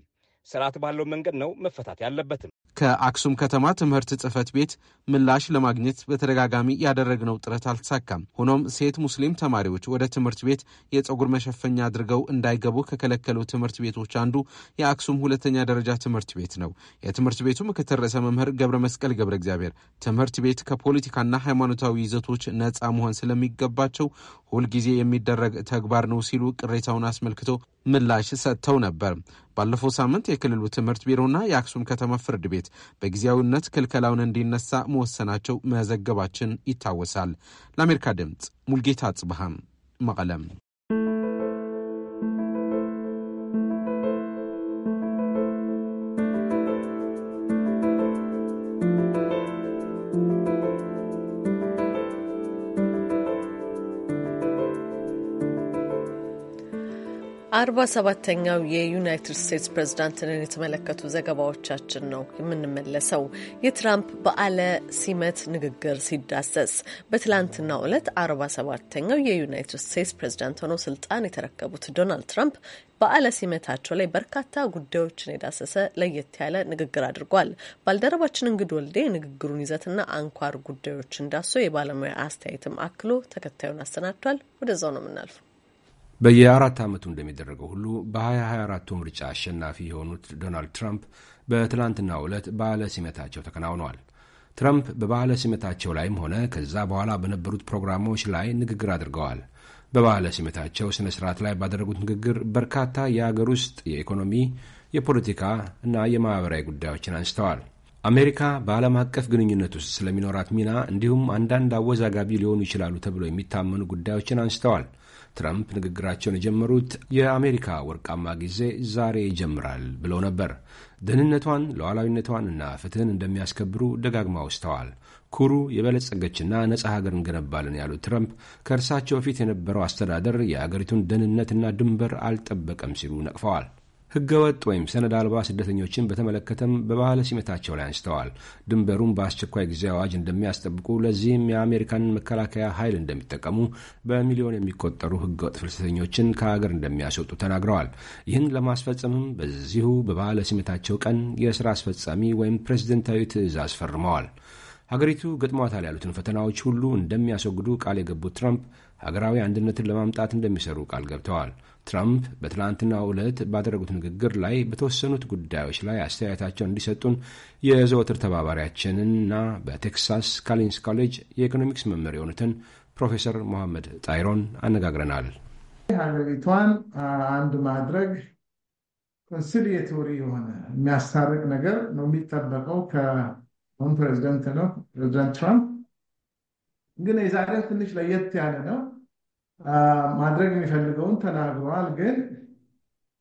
ስርዓት ባለው መንገድ ነው መፈታት ያለበትም። ከአክሱም ከተማ ትምህርት ጽህፈት ቤት ምላሽ ለማግኘት በተደጋጋሚ ያደረግነው ጥረት አልተሳካም። ሆኖም ሴት ሙስሊም ተማሪዎች ወደ ትምህርት ቤት የጸጉር መሸፈኛ አድርገው እንዳይገቡ ከከለከሉ ትምህርት ቤቶች አንዱ የአክሱም ሁለተኛ ደረጃ ትምህርት ቤት ነው። የትምህርት ቤቱ ምክትል ርዕሰ መምህር ገብረ መስቀል ገብረ እግዚአብሔር ትምህርት ቤት ከፖለቲካና ሃይማኖታዊ ይዘቶች ነፃ መሆን ስለሚገባቸው ሁልጊዜ የሚደረግ ተግባር ነው ሲሉ ቅሬታውን አስመልክቶ ምላሽ ሰጥተው ነበር። ባለፈው ሳምንት የክልሉ ትምህርት ቢሮና የአክሱም ከተማ ፍርድ ቤት በጊዜያዊነት ክልከላውን እንዲነሳ መወሰናቸው መዘገባችን ይታወሳል። ለአሜሪካ ድምፅ ሙልጌታ አጽብሃም መቀለም አርባ ሰባተኛው የዩናይትድ ስቴትስ ፕሬዝዳንትንን የተመለከቱ ዘገባዎቻችን ነው የምንመለሰው። የትራምፕ በዓለ ሲመት ንግግር ሲዳሰስ በትላንትናው ዕለት አርባ ሰባተኛው የዩናይትድ ስቴትስ ፕሬዝዳንት ሆነው ስልጣን የተረከቡት ዶናልድ ትራምፕ በዓለ ሲመታቸው ላይ በርካታ ጉዳዮችን የዳሰሰ ለየት ያለ ንግግር አድርጓል። ባልደረባችን እንግድ ወልዴ የንግግሩን ይዘትና አንኳር ጉዳዮችን ዳሶ የባለሙያ አስተያየትም አክሎ ተከታዩን አሰናድቷል። ወደዛው ነው የምናልፈው። በየአራት ዓመቱ እንደሚደረገው ሁሉ በ 2024 ምርጫ አሸናፊ የሆኑት ዶናልድ ትራምፕ በትናንትናው ዕለት በዓለ ሲመታቸው ተከናውነዋል። ትራምፕ በበዓለ ሲመታቸው ላይም ሆነ ከዛ በኋላ በነበሩት ፕሮግራሞች ላይ ንግግር አድርገዋል። በበዓለ ሲመታቸው ሥነ ሥርዓት ላይ ባደረጉት ንግግር በርካታ የአገር ውስጥ የኢኮኖሚ፣ የፖለቲካ እና የማኅበራዊ ጉዳዮችን አንስተዋል። አሜሪካ በዓለም አቀፍ ግንኙነት ውስጥ ስለሚኖራት ሚና እንዲሁም አንዳንድ አወዛጋቢ ሊሆኑ ይችላሉ ተብሎ የሚታመኑ ጉዳዮችን አንስተዋል። ትራምፕ ንግግራቸውን የጀመሩት የአሜሪካ ወርቃማ ጊዜ ዛሬ ይጀምራል ብለው ነበር። ደህንነቷን፣ ሉዓላዊነቷን እና ፍትህን እንደሚያስከብሩ ደጋግማ አውስተዋል። ኩሩ የበለጸገችና ነጻ ሀገር እንገነባለን ያሉት ትረምፕ ከእርሳቸው በፊት የነበረው አስተዳደር የአገሪቱን ደህንነትና ድንበር አልጠበቀም ሲሉ ነቅፈዋል። ህገወጥ ወይም ሰነድ አልባ ስደተኞችን በተመለከተም በባህለ ሲመታቸው ላይ አንስተዋል። ድንበሩን በአስቸኳይ ጊዜ አዋጅ እንደሚያስጠብቁ፣ ለዚህም የአሜሪካን መከላከያ ኃይል እንደሚጠቀሙ፣ በሚሊዮን የሚቆጠሩ ህገወጥ ፍልሰተኞችን ከሀገር እንደሚያስወጡ ተናግረዋል። ይህን ለማስፈጸምም በዚሁ በባህለ ሲመታቸው ቀን የስራ አስፈጻሚ ወይም ፕሬዝደንታዊ ትዕዛዝ ፈርመዋል። ሀገሪቱ ገጥሟታል ያሉትን ፈተናዎች ሁሉ እንደሚያስወግዱ ቃል የገቡት ትራምፕ ሀገራዊ አንድነትን ለማምጣት እንደሚሰሩ ቃል ገብተዋል። ትራምፕ በትናንትናው ዕለት ባደረጉት ንግግር ላይ በተወሰኑት ጉዳዮች ላይ አስተያየታቸውን እንዲሰጡን የዘወትር ተባባሪያችንና በቴክሳስ ካሊንስ ኮሌጅ የኢኮኖሚክስ መምህር የሆኑትን ፕሮፌሰር ሞሐመድ ጣይሮን አነጋግረናል። ሀገሪቷን አንድ ማድረግ ኮንሲሊየቶሪ የሆነ የሚያስታርቅ ነገር ነው የሚጠበቀው ከሁን ፕሬዚደንት ነው ፕሬዚደንት ትራምፕ ግን የዛሬው ትንሽ ለየት ያለ ነው። ማድረግ የሚፈልገውን ተናግሯል። ግን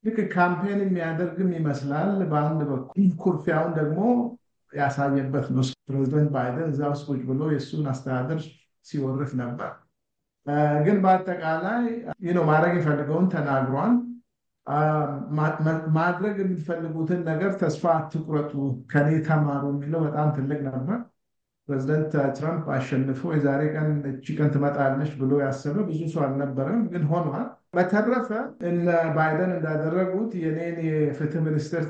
ልክ ካምፔን የሚያደርግም ይመስላል። በአንድ በኩል ኩርፊያውን ደግሞ ያሳየበት ነው። ፕሬዚደንት ባይደን እዛ ውስጥ ቁጭ ብሎ የእሱን አስተዳደር ሲወርፍ ነበር። ግን በአጠቃላይ ማድረግ የሚፈልገውን ተናግሯል። ማድረግ የሚፈልጉትን ነገር ተስፋ አትቁረጡ፣ ከኔ ተማሩ የሚለው በጣም ትልቅ ነበር። ፕሬዚደንት ትራምፕ አሸንፎ የዛሬ ቀን እቺ ቀን ትመጣለች ብሎ ያሰበ ብዙ ሰው አልነበረም፣ ግን ሆኗል። በተረፈ እነ ባይደን እንዳደረጉት የኔን የፍትህ ሚኒስቴር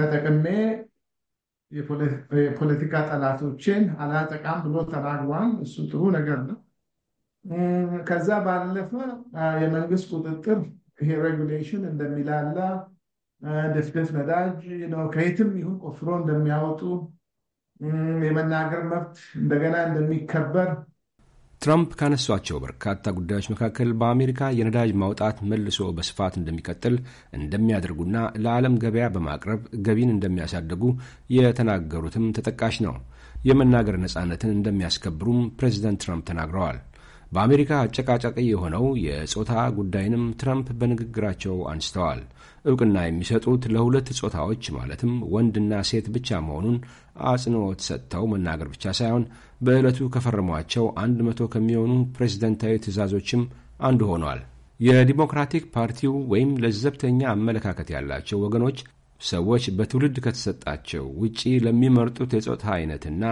ተጠቅሜ የፖለቲካ ጠላቶችን አላጠቃም ብሎ ተናግሯል። እሱ ጥሩ ነገር ነው። ከዛ ባለፈ የመንግስት ቁጥጥር ይሄ ሬጉሌሽን እንደሚላላ ድፍድፍ ነዳጅ ከየትም ይሁን ቆፍሮ እንደሚያወጡ የመናገር መብት እንደገና እንደሚከበር ትራምፕ ካነሷቸው በርካታ ጉዳዮች መካከል በአሜሪካ የነዳጅ ማውጣት መልሶ በስፋት እንደሚቀጥል እንደሚያደርጉና ለዓለም ገበያ በማቅረብ ገቢን እንደሚያሳድጉ የተናገሩትም ተጠቃሽ ነው። የመናገር ነጻነትን እንደሚያስከብሩም ፕሬዚደንት ትራምፕ ተናግረዋል። በአሜሪካ አጨቃጫቂ የሆነው የጾታ ጉዳይንም ትራምፕ በንግግራቸው አንስተዋል። እውቅና የሚሰጡት ለሁለት ጾታዎች ማለትም ወንድና ሴት ብቻ መሆኑን አጽንኦት ሰጥተው መናገር ብቻ ሳይሆን በዕለቱ ከፈረሟቸው አንድ መቶ ከሚሆኑ ፕሬዝደንታዊ ትዕዛዞችም አንዱ ሆኗል። የዲሞክራቲክ ፓርቲው ወይም ለዘብተኛ አመለካከት ያላቸው ወገኖች ሰዎች በትውልድ ከተሰጣቸው ውጪ ለሚመርጡት የጾታ አይነትና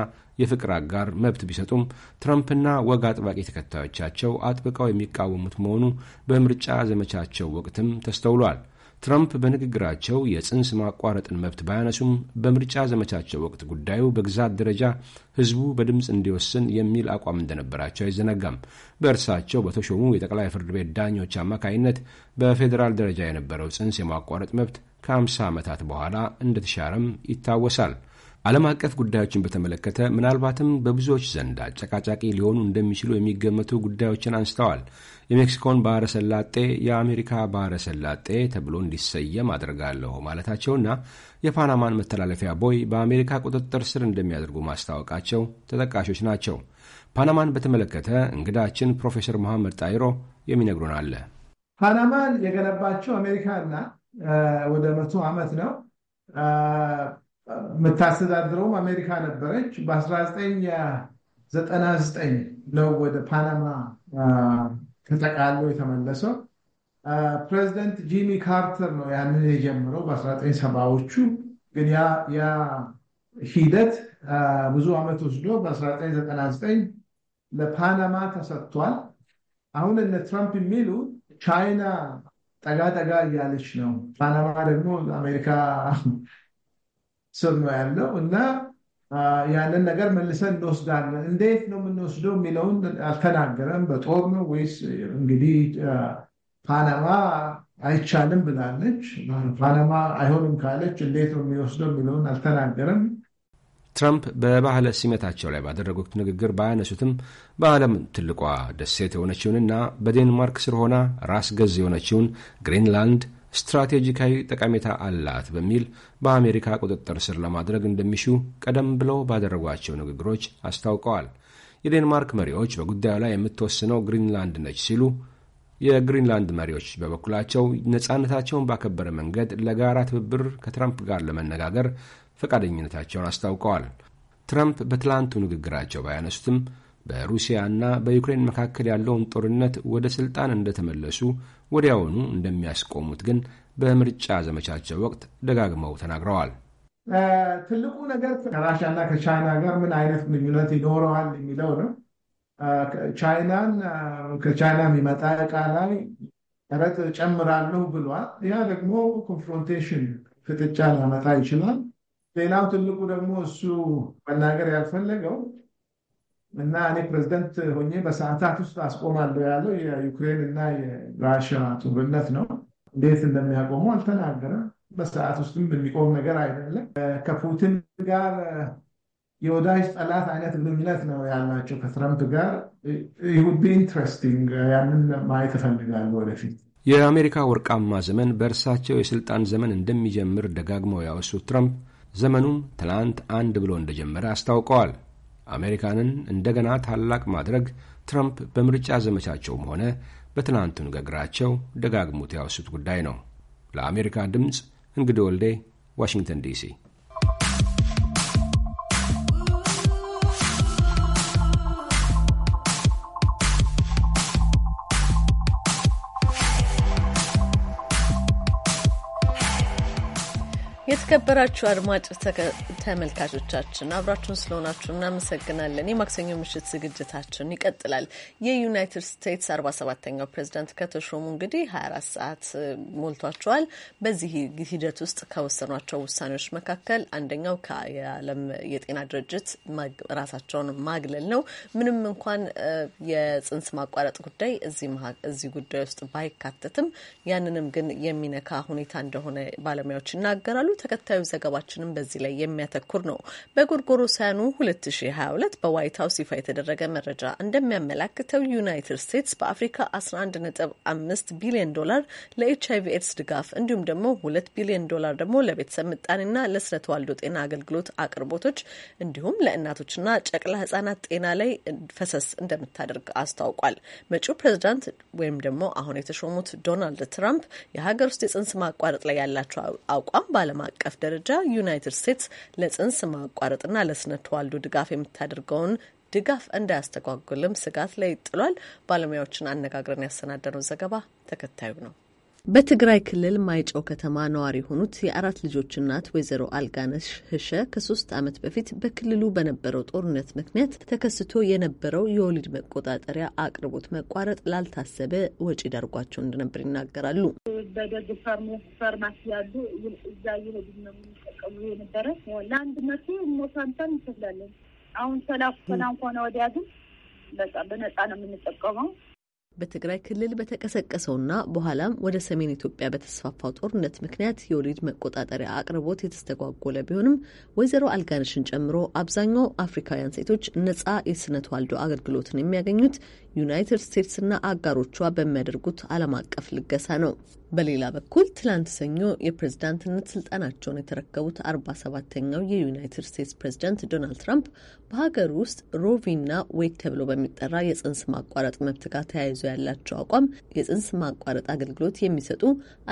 የፍቅር አጋር መብት ቢሰጡም ትረምፕና ወግ አጥባቂ ተከታዮቻቸው አጥብቀው የሚቃወሙት መሆኑ በምርጫ ዘመቻቸው ወቅትም ተስተውሏል። ትራምፕ በንግግራቸው የጽንስ ማቋረጥን መብት ባያነሱም በምርጫ ዘመቻቸው ወቅት ጉዳዩ በግዛት ደረጃ ሕዝቡ በድምፅ እንዲወስን የሚል አቋም እንደነበራቸው አይዘነጋም። በእርሳቸው በተሾሙ የጠቅላይ ፍርድ ቤት ዳኞች አማካይነት በፌዴራል ደረጃ የነበረው ጽንስ የማቋረጥ መብት ከ50 ዓመታት በኋላ እንደተሻረም ይታወሳል። ዓለም አቀፍ ጉዳዮችን በተመለከተ ምናልባትም በብዙዎች ዘንድ አጨቃጫቂ ሊሆኑ እንደሚችሉ የሚገመቱ ጉዳዮችን አንስተዋል። የሜክሲኮን ባህረ ሰላጤ የአሜሪካ ባህረ ሰላጤ ተብሎ እንዲሰየም አድርጋለሁ ማለታቸውና የፓናማን መተላለፊያ ቦይ በአሜሪካ ቁጥጥር ስር እንደሚያደርጉ ማስታወቃቸው ተጠቃሾች ናቸው። ፓናማን በተመለከተ እንግዳችን ፕሮፌሰር መሐመድ ጣይሮ የሚነግሩን አለ። ፓናማን የገነባቸው አሜሪካና ወደ መቶ ዓመት ነው የምታስተዳድረውም አሜሪካ ነበረች። በ1999 ነው ወደ ፓናማ ተጠቃሎ የተመለሰው። ፕሬዚደንት ጂሚ ካርተር ነው ያንን የጀምረው በ1970ዎቹ። ግን ያ ሂደት ብዙ ዓመት ወስዶ በ1999 ለፓናማ ተሰጥቷል። አሁን እነ ትራምፕ የሚሉ ቻይና ጠጋ ጠጋ እያለች ነው። ፓናማ ደግሞ አሜሪካ ስር ነው ያለው እና ያንን ነገር መልሰን እንወስዳለን። እንዴት ነው የምንወስደው የሚለውን አልተናገረም። በጦር ነው ወይስ እንግዲህ ፓናማ አይቻልም ብላለች። ፓናማ አይሆንም ካለች እንዴት ነው የሚወስደው የሚለውን አልተናገረም። ትራምፕ በባህለ ሲመታቸው ላይ ባደረጉት ንግግር ባያነሱትም በዓለም ትልቋ ደሴት የሆነችውንና በዴንማርክ ስር ሆና ራስ ገዝ የሆነችውን ግሪንላንድ ስትራቴጂካዊ ጠቀሜታ አላት በሚል በአሜሪካ ቁጥጥር ስር ለማድረግ እንደሚሹ ቀደም ብለው ባደረጓቸው ንግግሮች አስታውቀዋል። የዴንማርክ መሪዎች በጉዳዩ ላይ የምትወስነው ግሪንላንድ ነች ሲሉ የግሪንላንድ መሪዎች በበኩላቸው ነፃነታቸውን ባከበረ መንገድ ለጋራ ትብብር ከትራምፕ ጋር ለመነጋገር ፈቃደኝነታቸውን አስታውቀዋል። ትራምፕ በትላንቱ ንግግራቸው ባያነሱትም በሩሲያና በዩክሬን መካከል ያለውን ጦርነት ወደ ሥልጣን እንደተመለሱ ወዲያውኑ እንደሚያስቆሙት ግን በምርጫ ዘመቻቸው ወቅት ደጋግመው ተናግረዋል። ትልቁ ነገር ከራሻና ከቻይና ጋር ምን አይነት ግንኙነት ይኖረዋል የሚለው ነው። ቻይናን ከቻይና የሚመጣ እቃ ላይ ቀረጥ ጨምራለሁ ብሏል። ያ ደግሞ ኮንፍሮንቴሽን ፍጥጫ ሊያመጣ ይችላል። ሌላው ትልቁ ደግሞ እሱ መናገር ያልፈለገው እና እኔ ፕሬዚደንት ሆኜ በሰዓታት ውስጥ አስቆማለሁ ያለው የዩክሬን እና የራሻ ጦርነት ነው። እንዴት እንደሚያቆሙ አልተናገረም። በሰዓት ውስጥም የሚቆም ነገር አይደለም። ከፑቲን ጋር የወዳጅ ጠላት አይነት ግንኙነት ነው ያላቸው ከትረምፕ ጋር። ይሁድ ኢንትረስቲንግ ያንን ማየት እፈልጋለሁ ወደፊት። የአሜሪካ ወርቃማ ዘመን በእርሳቸው የስልጣን ዘመን እንደሚጀምር ደጋግመው ያወሱት ትረምፕ ዘመኑም ትናንት አንድ ብሎ እንደጀመረ አስታውቀዋል። አሜሪካንን እንደገና ታላቅ ማድረግ ትራምፕ በምርጫ ዘመቻቸውም ሆነ በትናንቱ ንግግራቸው ደጋግሙት ያወሱት ጉዳይ ነው። ለአሜሪካ ድምፅ እንግዲህ ወልዴ ዋሽንግተን ዲሲ የተከበራችሁ አድማጭ ተመልካቾቻችን አብራችሁን ስለሆናችሁ እናመሰግናለን። የማክሰኞ ምሽት ዝግጅታችን ይቀጥላል። የዩናይትድ ስቴትስ አርባ ሰባተኛው ፕሬዚዳንት ከተሾሙ እንግዲህ 24 ሰዓት ሞልቷቸዋል። በዚህ ሂደት ውስጥ ከወሰኗቸው ውሳኔዎች መካከል አንደኛው ከየአለም የጤና ድርጅት ራሳቸውን ማግለል ነው። ምንም እንኳን የጽንስ ማቋረጥ ጉዳይ እዚህ ጉዳይ ውስጥ ባይካተትም ያንንም ግን የሚነካ ሁኔታ እንደሆነ ባለሙያዎች ይናገራሉ። ተከታዩ ዘገባችንም በዚህ ላይ የሚያተኩር ነው። በጎርጎሮሳውያኑ 2022 በዋይት ሀውስ ይፋ የተደረገ መረጃ እንደሚያመላክተው ዩናይትድ ስቴትስ በአፍሪካ 11.5 ቢሊዮን ዶላር ለኤች አይቪ ኤድስ ድጋፍ እንዲሁም ደግሞ 2 ቢሊዮን ዶላር ደግሞ ለቤተሰብ ምጣኔና ለስነ ተዋልዶ ጤና አገልግሎት አቅርቦቶች እንዲሁም ለእናቶችና ጨቅላ ህጻናት ጤና ላይ ፈሰስ እንደምታደርግ አስታውቋል። መጪው ፕሬዚዳንት ወይም ደግሞ አሁን የተሾሙት ዶናልድ ትራምፕ የሀገር ውስጥ የጽንስ ማቋረጥ ላይ ያላቸው አቋም በዓለም አቀፍ አቀፍ ደረጃ ዩናይትድ ስቴትስ ለጽንስ ማቋረጥና ለስነ ተዋልዶ ድጋፍ የምታደርገውን ድጋፍ እንዳያስተጓጉልም ስጋት ላይ ጥሏል። ባለሙያዎችን አነጋግረን ያሰናደነው ዘገባ ተከታዩ ነው። በትግራይ ክልል ማይጨው ከተማ ነዋሪ የሆኑት የአራት ልጆች እናት ወይዘሮ አልጋነሽ ህሸ ከሶስት ዓመት በፊት በክልሉ በነበረው ጦርነት ምክንያት ተከስቶ የነበረው የወሊድ መቆጣጠሪያ አቅርቦት መቋረጥ ላልታሰበ ወጪ ዳርጓቸው እንደነበር ይናገራሉ። በደግ ፋርማሲ ያሉ እዛ የሄድን ነው የምንጠቀሙ የነበረ ለአንድ መቶ ሞሳንታን እንችላለን። አሁን ሰላፍ ሰላም ከሆነ ወዲያ ግን በነጻ ነው የምንጠቀመው። በትግራይ ክልል በተቀሰቀሰውና በኋላም ወደ ሰሜን ኢትዮጵያ በተስፋፋው ጦርነት ምክንያት የወሊድ መቆጣጠሪያ አቅርቦት የተስተጓጎለ ቢሆንም ወይዘሮ አልጋነሽን ጨምሮ አብዛኛው አፍሪካውያን ሴቶች ነጻ የስነ ተዋልዶ አገልግሎትን የሚያገኙት ዩናይትድ ስቴትስና አጋሮቿ በሚያደርጉት ዓለም አቀፍ ልገሳ ነው። በሌላ በኩል ትላንት ሰኞ የፕሬዝዳንትነት ስልጣናቸውን የተረከቡት አርባ ሰባተኛው የዩናይትድ ስቴትስ ፕሬዝዳንት ዶናልድ ትራምፕ በሀገር ውስጥ ሮቪና ዌድ ተብሎ በሚጠራ የጽንስ ማቋረጥ መብት ጋር ተያይዞ ያላቸው አቋም የጽንስ ማቋረጥ አገልግሎት የሚሰጡ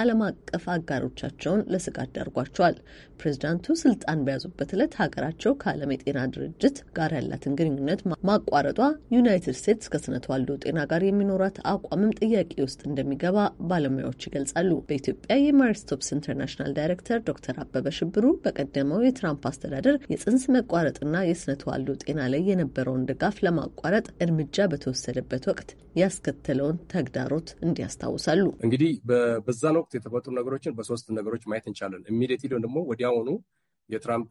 ዓለም አቀፍ አጋሮቻቸውን ለስጋት ዳርጓቸዋል። ፕሬዚዳንቱ ስልጣን በያዙበት ዕለት ሀገራቸው ከዓለም የጤና ድርጅት ጋር ያላትን ግንኙነት ማቋረጧ ዩናይትድ ስቴትስ ከስነ ተዋልዶ ጤና ጋር የሚኖራት አቋምም ጥያቄ ውስጥ እንደሚገባ ባለሙያዎች ይገልጻሉ። በኢትዮጵያ የማሪስቶፕስ ኢንተርናሽናል ዳይሬክተር ዶክተር አበበ ሽብሩ በቀደመው የትራምፕ አስተዳደር የጽንስ መቋረጥና የስነ ተዋልዶ ጤና ላይ የነበረውን ድጋፍ ለማቋረጥ እርምጃ በተወሰደበት ወቅት ያስከተለውን ተግዳሮት እንዲያስታውሳሉ። እንግዲህ በዛን ወቅት የተፈጠሩ ነገሮችን በሶስት ነገሮች ማየት እንቻለን። ኢሚዲየትሊ ደግሞ ወዲያ ወዲያውኑ የትራምፕ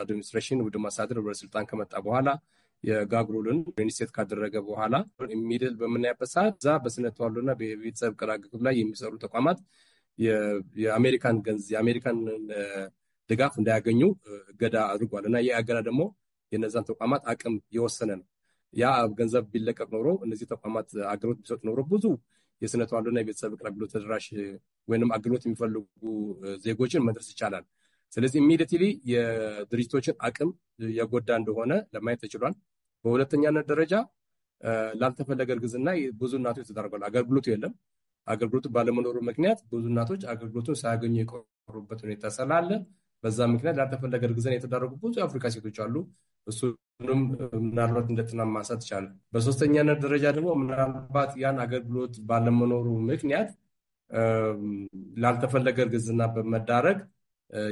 አድሚኒስትሬሽን ውድ ማሳደር ወደ ስልጣን ከመጣ በኋላ የጋግሩልን ኢንስቴት ካደረገ በኋላ ሚድል በምናያበት ሰዓት እዛ በስነ ተዋልዶና በቤተሰብ ቀላቅብ ላይ የሚሰሩ ተቋማት የአሜሪካን ገንዝ የአሜሪካን ድጋፍ እንዳያገኙ እገዳ አድርጓል እና ይህ እገዳ ደግሞ የነዛን ተቋማት አቅም የወሰነ ነው። ያ ገንዘብ ቢለቀቅ ኖሮ እነዚህ ተቋማት አገልግሎት ቢሰጡ ኖሮ ብዙ የስነ ተዋልዶና የቤተሰብ ቅር ተደራሽ ወይም አገልግሎት የሚፈልጉ ዜጎችን መድረስ ይቻላል። ስለዚህ ኢሚዲየትሊ የድርጅቶችን አቅም የጎዳ እንደሆነ ለማየት ተችሏል። በሁለተኛነት ደረጃ ላልተፈለገ እርግዝና ብዙ እናቶች ተዳርጓል። አገልግሎቱ የለም። አገልግሎቱ ባለመኖሩ ምክንያት ብዙ እናቶች አገልግሎቱን ሳያገኙ የቆሩበት ሁኔታ ስላለ በዛ ምክንያት ላልተፈለገ እርግዝና የተዳረጉ ብዙ የአፍሪካ ሴቶች አሉ። እሱንም ምናልባት እንደትና ማንሳት ይቻላል። በሶስተኛነት ደረጃ ደግሞ ምናልባት ያን አገልግሎት ባለመኖሩ ምክንያት ላልተፈለገ እርግዝና በመዳረግ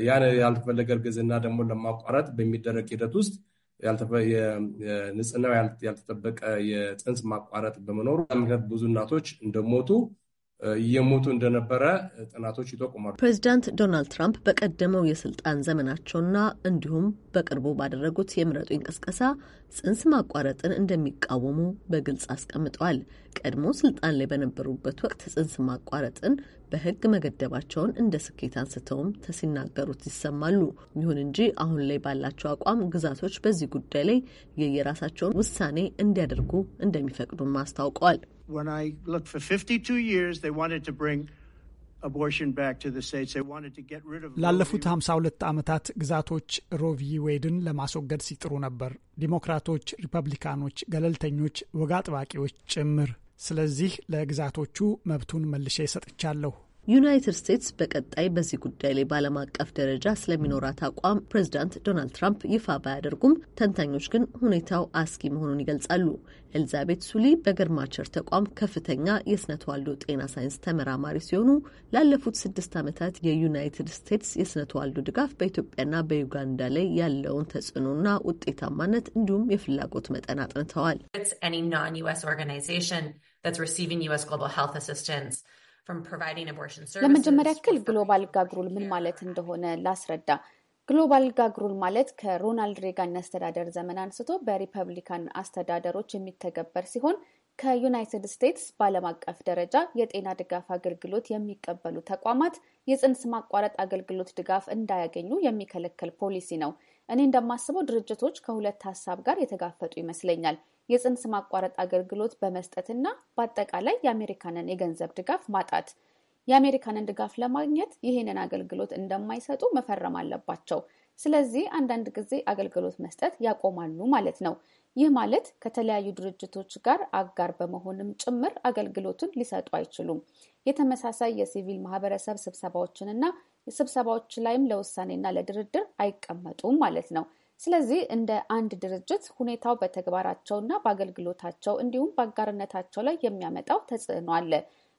ያን ያልተፈለገ እርግዝና ደግሞ ለማቋረጥ በሚደረግ ሂደት ውስጥ ንጽህናው ያልተጠበቀ የፅንስ ማቋረጥ በመኖሩ ምክንያት ብዙ እናቶች እንደሞቱ እየሞቱ እንደነበረ ጥናቶች ይጠቁማሉ። ፕሬዚዳንት ዶናልድ ትራምፕ በቀደመው የስልጣን ዘመናቸውና እንዲሁም በቅርቡ ባደረጉት የምረጡ እንቅስቀሳ ጽንስ ማቋረጥን እንደሚቃወሙ በግልጽ አስቀምጠዋል። ቀድሞ ስልጣን ላይ በነበሩበት ወቅት ጽንስ ማቋረጥን በሕግ መገደባቸውን እንደ ስኬት አንስተውም ተሲናገሩት ይሰማሉ። ይሁን እንጂ አሁን ላይ ባላቸው አቋም ግዛቶች በዚህ ጉዳይ ላይ የየራሳቸውን ውሳኔ እንዲያደርጉ እንደሚፈቅዱም አስታውቀዋል። when I looked for 52 years, they wanted to bring ላለፉት 52 ዓመታት ግዛቶች ሮቪ ዌድን ለማስወገድ ሲጥሩ ነበር። ዲሞክራቶች፣ ሪፐብሊካኖች፣ ገለልተኞች፣ ወግ አጥባቂዎች ጭምር። ስለዚህ ለግዛቶቹ መብቱን መልሼ ሰጥቻለሁ። ዩናይትድ ስቴትስ በቀጣይ በዚህ ጉዳይ ላይ በዓለም አቀፍ ደረጃ ስለሚኖራት አቋም ፕሬዚዳንት ዶናልድ ትራምፕ ይፋ ባያደርጉም ተንታኞች ግን ሁኔታው አስጊ መሆኑን ይገልጻሉ። ኤልዛቤት ሱሊ በገርማቸር ተቋም ከፍተኛ የስነ ተዋልዶ ጤና ሳይንስ ተመራማሪ ሲሆኑ ላለፉት ስድስት ዓመታት የዩናይትድ ስቴትስ የስነ ተዋልዶ ድጋፍ በኢትዮጵያና በዩጋንዳ ላይ ያለውን ተጽዕኖና ውጤታማነት እንዲሁም የፍላጎት መጠን አጥንተዋል። ለመጀመሪያ ያክል ግሎባል ጋግሩል ምን ማለት እንደሆነ ላስረዳ። ግሎባል ጋግሩል ማለት ከሮናልድ ሬጋን አስተዳደር ዘመን አንስቶ በሪፐብሊካን አስተዳደሮች የሚተገበር ሲሆን ከዩናይትድ ስቴትስ በዓለም አቀፍ ደረጃ የጤና ድጋፍ አገልግሎት የሚቀበሉ ተቋማት የጽንስ ማቋረጥ አገልግሎት ድጋፍ እንዳያገኙ የሚከለከል ፖሊሲ ነው። እኔ እንደማስበው ድርጅቶች ከሁለት ሀሳብ ጋር የተጋፈጡ ይመስለኛል። የጽንስ ማቋረጥ አገልግሎት በመስጠትና በአጠቃላይ የአሜሪካንን የገንዘብ ድጋፍ ማጣት የአሜሪካንን ድጋፍ ለማግኘት ይህንን አገልግሎት እንደማይሰጡ መፈረም አለባቸው። ስለዚህ አንዳንድ ጊዜ አገልግሎት መስጠት ያቆማሉ ማለት ነው። ይህ ማለት ከተለያዩ ድርጅቶች ጋር አጋር በመሆንም ጭምር አገልግሎቱን ሊሰጡ አይችሉም። የተመሳሳይ የሲቪል ማህበረሰብ ስብሰባዎችንና ስብሰባዎች ላይም ለውሳኔና ለድርድር አይቀመጡም ማለት ነው። ስለዚህ እንደ አንድ ድርጅት ሁኔታው በተግባራቸውና በአገልግሎታቸው እንዲሁም በአጋርነታቸው ላይ የሚያመጣው ተጽዕኖ አለ።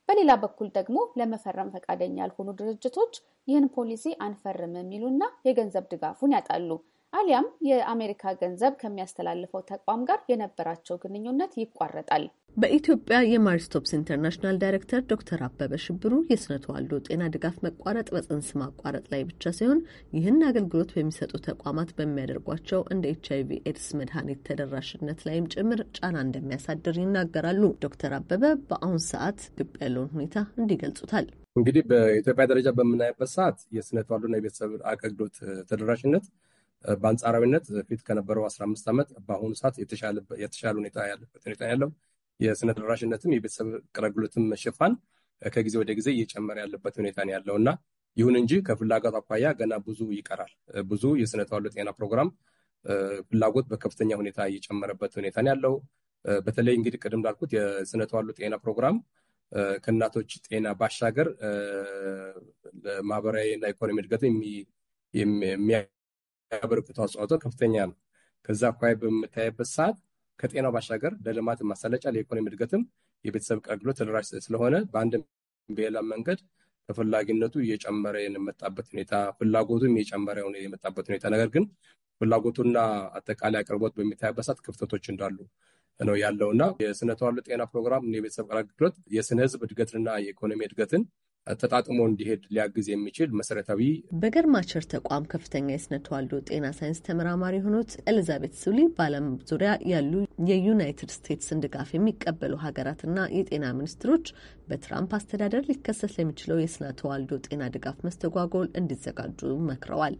በሌላ በኩል ደግሞ ለመፈረም ፈቃደኛ ያልሆኑ ድርጅቶች ይህን ፖሊሲ አንፈርም የሚሉና የገንዘብ ድጋፉን ያጣሉ። አሊያም የአሜሪካ ገንዘብ ከሚያስተላልፈው ተቋም ጋር የነበራቸው ግንኙነት ይቋረጣል። በኢትዮጵያ የማሪስቶፕስ ኢንተርናሽናል ዳይሬክተር ዶክተር አበበ ሽብሩ የስነ ተዋልዶ ጤና ድጋፍ መቋረጥ በጽንስ ማቋረጥ ላይ ብቻ ሳይሆን ይህን አገልግሎት በሚሰጡ ተቋማት በሚያደርጓቸው እንደ ኤች አይቪ ኤድስ መድኃኒት ተደራሽነት ላይም ጭምር ጫና እንደሚያሳድር ይናገራሉ። ዶክተር አበበ በአሁን ሰዓት ኢትዮጵያ ያለውን ሁኔታ እንዲገልጹታል። እንግዲህ በኢትዮጵያ ደረጃ በምናይበት ሰዓት የስነ ተዋልዶና የቤተሰብ አገልግሎት ተደራሽነት በአንጻራዊነት ፊት ከነበረው 15 ዓመት በአሁኑ ሰዓት የተሻለ ሁኔታ ያለበት ሁኔታ ያለው የስነ ደራሽነትም የቤተሰብ ቅረግሎትም መሸፋን ከጊዜ ወደ ጊዜ እየጨመረ ያለበት ሁኔታ ነው ያለው እና ይሁን እንጂ ከፍላጎት አኳያ ገና ብዙ ይቀራል። ብዙ የስነ ተዋልዶ ጤና ፕሮግራም ፍላጎት በከፍተኛ ሁኔታ እየጨመረበት ሁኔታ ነው ያለው። በተለይ እንግዲህ ቅድም እንዳልኩት የስነ ተዋልዶ ጤና ፕሮግራም ከእናቶች ጤና ባሻገር ማህበራዊ እና ኢኮኖሚ እድገት ያበረኩት አስተዋጽኦ ከፍተኛ ነው። ከዛ አኳያ በምታይበት ሰዓት ከጤናው ባሻገር ለልማት ማሳለጫ፣ ለኢኮኖሚ እድገትም የቤተሰብ አገልግሎት ተደራሽ ስለሆነ በአንድም በሌላ መንገድ ተፈላጊነቱ እየጨመረ የመጣበት ሁኔታ ፍላጎቱም እየጨመረ የመጣበት ሁኔታ ነገር ግን ፍላጎቱና አጠቃላይ አቅርቦት በሚታይበት ሰዓት ክፍተቶች እንዳሉ ነው ያለውና የስነ ተዋልዶ ጤና ፕሮግራም የቤተሰብ አገልግሎት የስነ ህዝብ እድገትንና የኢኮኖሚ እድገትን ተጣጥሞ እንዲሄድ ሊያግዝ የሚችል መሰረታዊ በገርማቸር ተቋም ከፍተኛ የስነ ተዋልዶ ጤና ሳይንስ ተመራማሪ የሆኑት ኤልዛቤት ሱሊ በዓለም ዙሪያ ያሉ የዩናይትድ ስቴትስን ድጋፍ የሚቀበሉ ሀገራትና የጤና ሚኒስትሮች በትራምፕ አስተዳደር ሊከሰት ለሚችለው የስነ ተዋልዶ ጤና ድጋፍ መስተጓጎል እንዲዘጋጁ መክረዋል።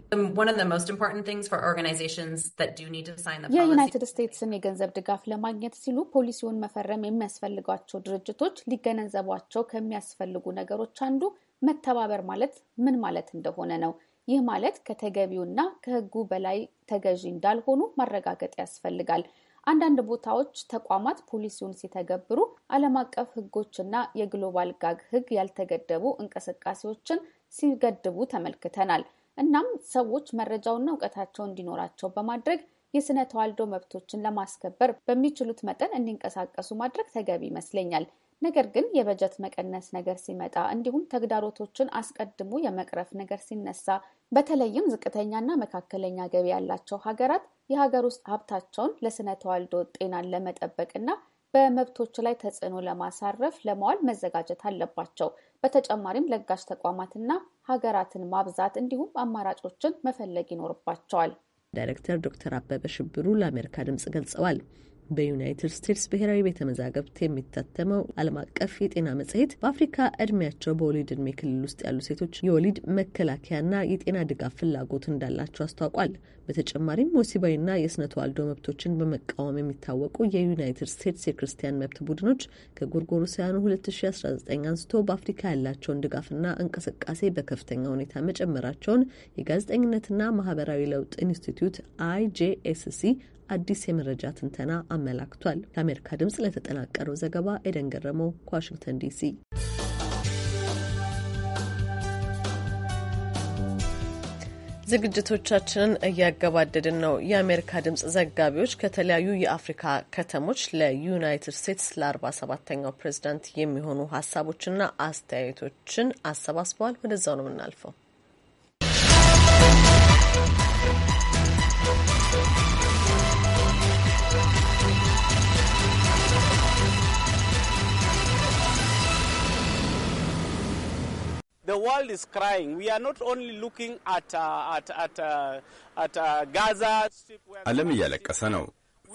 የዩናይትድ ስቴትስን የገንዘብ ድጋፍ ለማግኘት ሲሉ ፖሊሲውን መፈረም የሚያስፈልጓቸው ድርጅቶች ሊገነዘቧቸው ከሚያስፈልጉ ነገሮች አንዱ አንዱ መተባበር ማለት ምን ማለት እንደሆነ ነው። ይህ ማለት ከተገቢውና ከሕጉ በላይ ተገዢ እንዳልሆኑ ማረጋገጥ ያስፈልጋል። አንዳንድ ቦታዎች ተቋማት ፖሊሲውን ሲተገብሩ ዓለም አቀፍ ሕጎችና የግሎባል ጋግ ሕግ ያልተገደቡ እንቅስቃሴዎችን ሲገድቡ ተመልክተናል። እናም ሰዎች መረጃውና እውቀታቸው እንዲኖራቸው በማድረግ የስነ ተዋልዶ መብቶችን ለማስከበር በሚችሉት መጠን እንዲንቀሳቀሱ ማድረግ ተገቢ ይመስለኛል። ነገር ግን የበጀት መቀነስ ነገር ሲመጣ እንዲሁም ተግዳሮቶችን አስቀድሞ የመቅረፍ ነገር ሲነሳ በተለይም ዝቅተኛና መካከለኛ ገቢ ያላቸው ሀገራት የሀገር ውስጥ ሀብታቸውን ለስነ ተዋልዶ ጤናን ለመጠበቅና በመብቶች ላይ ተጽዕኖ ለማሳረፍ ለመዋል መዘጋጀት አለባቸው። በተጨማሪም ለጋሽ ተቋማትና ሀገራትን ማብዛት እንዲሁም አማራጮችን መፈለግ ይኖርባቸዋል። ዳይሬክተር ዶክተር አበበ ሽብሩ ለአሜሪካ ድምጽ ገልጸዋል። በዩናይትድ ስቴትስ ብሔራዊ ቤተ መዛግብት የሚታተመው ዓለም አቀፍ የጤና መጽሔት በአፍሪካ እድሜያቸው በወሊድ እድሜ ክልል ውስጥ ያሉ ሴቶች የወሊድ መከላከያና የጤና ድጋፍ ፍላጎት እንዳላቸው አስታውቋል። በተጨማሪም ወሲባዊና የስነ ተዋልዶ መብቶችን በመቃወም የሚታወቁ የዩናይትድ ስቴትስ የክርስቲያን መብት ቡድኖች ከጎርጎሮሳውያኑ 2019 አንስቶ በአፍሪካ ያላቸውን ድጋፍና እንቅስቃሴ በከፍተኛ ሁኔታ መጨመራቸውን የጋዜጠኝነትና ማህበራዊ ለውጥ ኢንስቲትዩት አይጄኤስሲ አዲስ የመረጃ ትንተና አመላክቷል። ከአሜሪካ ድምጽ ለተጠናቀረው ዘገባ ኤደን ገረመው ከዋሽንግተን ዲሲ። ዝግጅቶቻችንን እያገባደድን ነው። የአሜሪካ ድምጽ ዘጋቢዎች ከተለያዩ የአፍሪካ ከተሞች ለዩናይትድ ስቴትስ ለአርባ ሰባተኛው ፕሬዚዳንት የሚሆኑ ሀሳቦችና አስተያየቶችን አሰባስበዋል። ወደዛው ነው የምናልፈው። The world is crying. We are not only looking at, uh, at, at, uh, at uh, Gaza ዓለም እያለቀሰ ነው።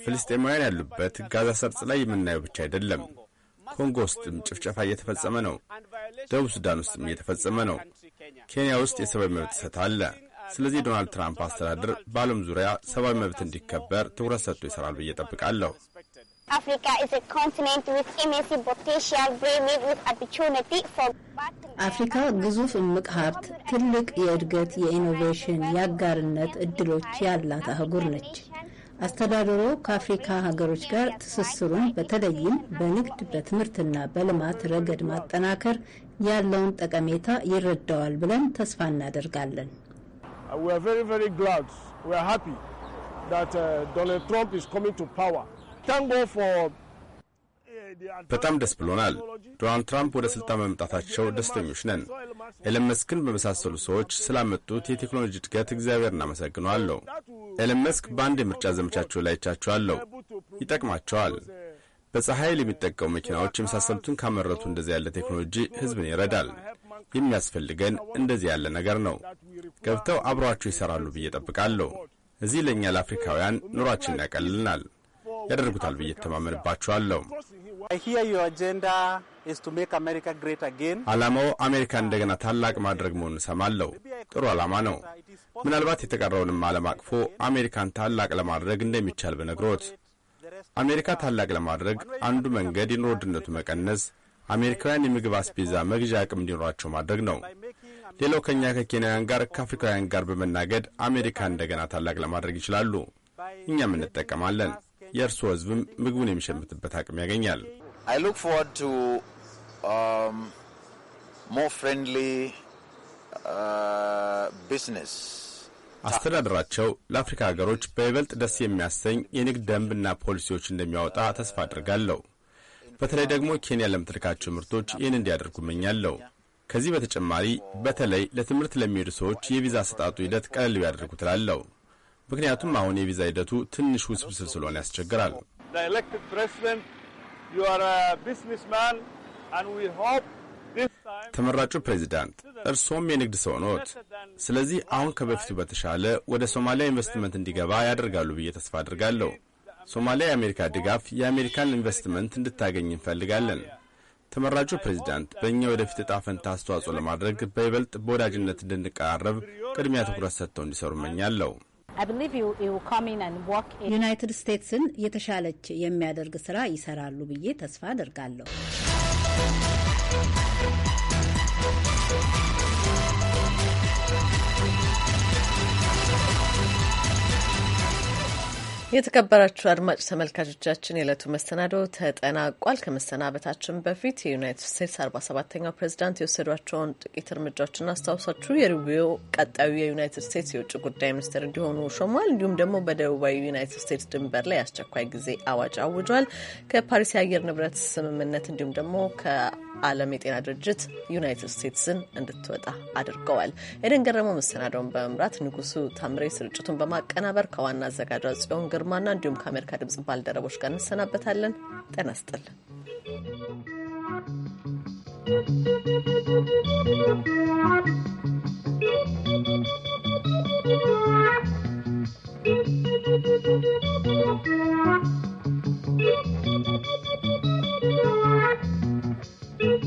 ፍልስጤማውያን ያሉበት ጋዛ ሰርጥ ላይ የምናየው ብቻ አይደለም። ኮንጎ ውስጥም ጭፍጨፋ እየተፈጸመ ነው። ደቡብ ሱዳን ውስጥም እየተፈጸመ ነው። ኬንያ ውስጥ የሰብአዊ መብት ጥሰት አለ። uh, ስለዚህ ዶናልድ ትራምፕ አስተዳደር በዓለም ዙሪያ ሰብአዊ መብት እንዲከበር ትኩረት ሰጥቶ ይሠራል ብዬ ጠብቃለሁ። አፍሪካ ግዙፍ እምቅ ሀብት፣ ትልቅ የእድገት የኢኖቬሽን፣ የአጋርነት እድሎች ያላት አህጉር ነች። አስተዳደሩ ከአፍሪካ ሀገሮች ጋር ትስስሩን በተለይም በንግድ በትምህርትና በልማት ረገድ ማጠናከር ያለውን ጠቀሜታ ይረዳዋል ብለን ተስፋ እናደርጋለን። ዶናልድ uh, ትራምፕ Eh, በጣም ደስ ብሎናል። ዶናልድ ትራምፕ ወደ ስልጣን መምጣታቸው ደስተኞች ነን። ኤለን መስክን በመሳሰሉ ሰዎች ስላመጡት የቴክኖሎጂ እድገት እግዚአብሔር እናመሰግነዋለሁ። ኤለን መስክ በአንድ የምርጫ ዘመቻቸው ላይ ይቻቸዋለሁ። ይጠቅማቸዋል። eh, በፀሐይ የሚጠቀሙ መኪናዎች የመሳሰሉትን ካመረቱ እንደዚህ ያለ ቴክኖሎጂ ህዝብን ይረዳል። የሚያስፈልገን እንደዚህ ያለ ነገር ነው። ገብተው አብረዋቸው ይሰራሉ ብዬ ጠብቃለሁ። እዚህ ለእኛ ለአፍሪካውያን ኑሯችንን ያቀልልናል። ያደርጉታል ብዬ ተማመንባቸዋለሁ። ዓላማው አሜሪካን እንደገና ታላቅ ማድረግ መሆኑን እሰማለሁ። ጥሩ ዓላማ ነው። ምናልባት የተቀረውንም ዓለም አቅፎ አሜሪካን ታላቅ ለማድረግ እንደሚቻል ብነግሮት፣ አሜሪካ ታላቅ ለማድረግ አንዱ መንገድ የኑሮ ውድነቱ መቀነስ አሜሪካውያን የምግብ አስቤዛ መግዣ አቅም እንዲኖራቸው ማድረግ ነው። ሌላው ከእኛ ከኬንያውያን ጋር ከአፍሪካውያን ጋር በመናገድ አሜሪካን እንደገና ታላቅ ለማድረግ ይችላሉ። እኛም እንጠቀማለን። የእርስዎ ህዝብም ምግቡን የሚሸምትበት አቅም ያገኛል። um, uh, አስተዳደራቸው ለአፍሪካ ሀገሮች በይበልጥ ደስ የሚያሰኝ የንግድ ደንብና ፖሊሲዎች እንደሚያወጣ ተስፋ አድርጋለሁ። በተለይ ደግሞ ኬንያ ለምትልካቸው ምርቶች ይህን እንዲያደርጉ እመኛለሁ። ከዚህ በተጨማሪ በተለይ ለትምህርት ለሚሄዱ ሰዎች የቪዛ አሰጣጡ ሂደት ቀለል ቢያደርጉ ትላለሁ። ምክንያቱም አሁን የቪዛ ሂደቱ ትንሽ ውስብስብ ስለሆነ ያስቸግራል። ተመራጩ ፕሬዚዳንት እርሶም የንግድ ሰው ኖት። ስለዚህ አሁን ከበፊቱ በተሻለ ወደ ሶማሊያ ኢንቨስትመንት እንዲገባ ያደርጋሉ ብዬ ተስፋ አድርጋለሁ። ሶማሊያ የአሜሪካ ድጋፍ የአሜሪካን ኢንቨስትመንት እንድታገኝ እንፈልጋለን። ተመራጩ ፕሬዚዳንት በእኛ ወደፊት ዕጣ ፈንታ አስተዋጽኦ ለማድረግ በይበልጥ በወዳጅነት እንድንቀራረብ ቅድሚያ ትኩረት ሰጥተው እንዲሰሩ እመኛለሁ። ዩናይትድ ስቴትስን የተሻለች የሚያደርግ ስራ ይሰራሉ ብዬ ተስፋ አደርጋለሁ። የተከበራችሁ አድማጭ ተመልካቾቻችን የዕለቱ መሰናዶ ተጠናቋል። ከመሰናበታችን በፊት የዩናይትድ ስቴትስ አርባ ሰባተኛው ፕሬዚዳንት የወሰዷቸውን ጥቂት እርምጃዎችን አስታውሳችሁ የሩቢዮ ቀጣዩ የዩናይትድ ስቴትስ የውጭ ጉዳይ ሚኒስትር እንዲሆኑ ሾሟል። እንዲሁም ደግሞ በደቡባዊ ዩናይትድ ስቴትስ ድንበር ላይ አስቸኳይ ጊዜ አዋጅ አውጇል። ከፓሪስ የአየር ንብረት ስምምነት እንዲሁም ደግሞ ከ ዓለም የጤና ድርጅት ዩናይትድ ስቴትስን እንድትወጣ አድርገዋል። ኤደን ገረመው መሰናዳውን በመምራት ንጉሱ ታምሬ ስርጭቱን በማቀናበር ከዋና አዘጋጇ ጽዮን ግርማና እንዲሁም ከአሜሪካ ድምጽ ባልደረቦች ጋር እንሰናበታለን። ጤና you. Thank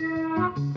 you.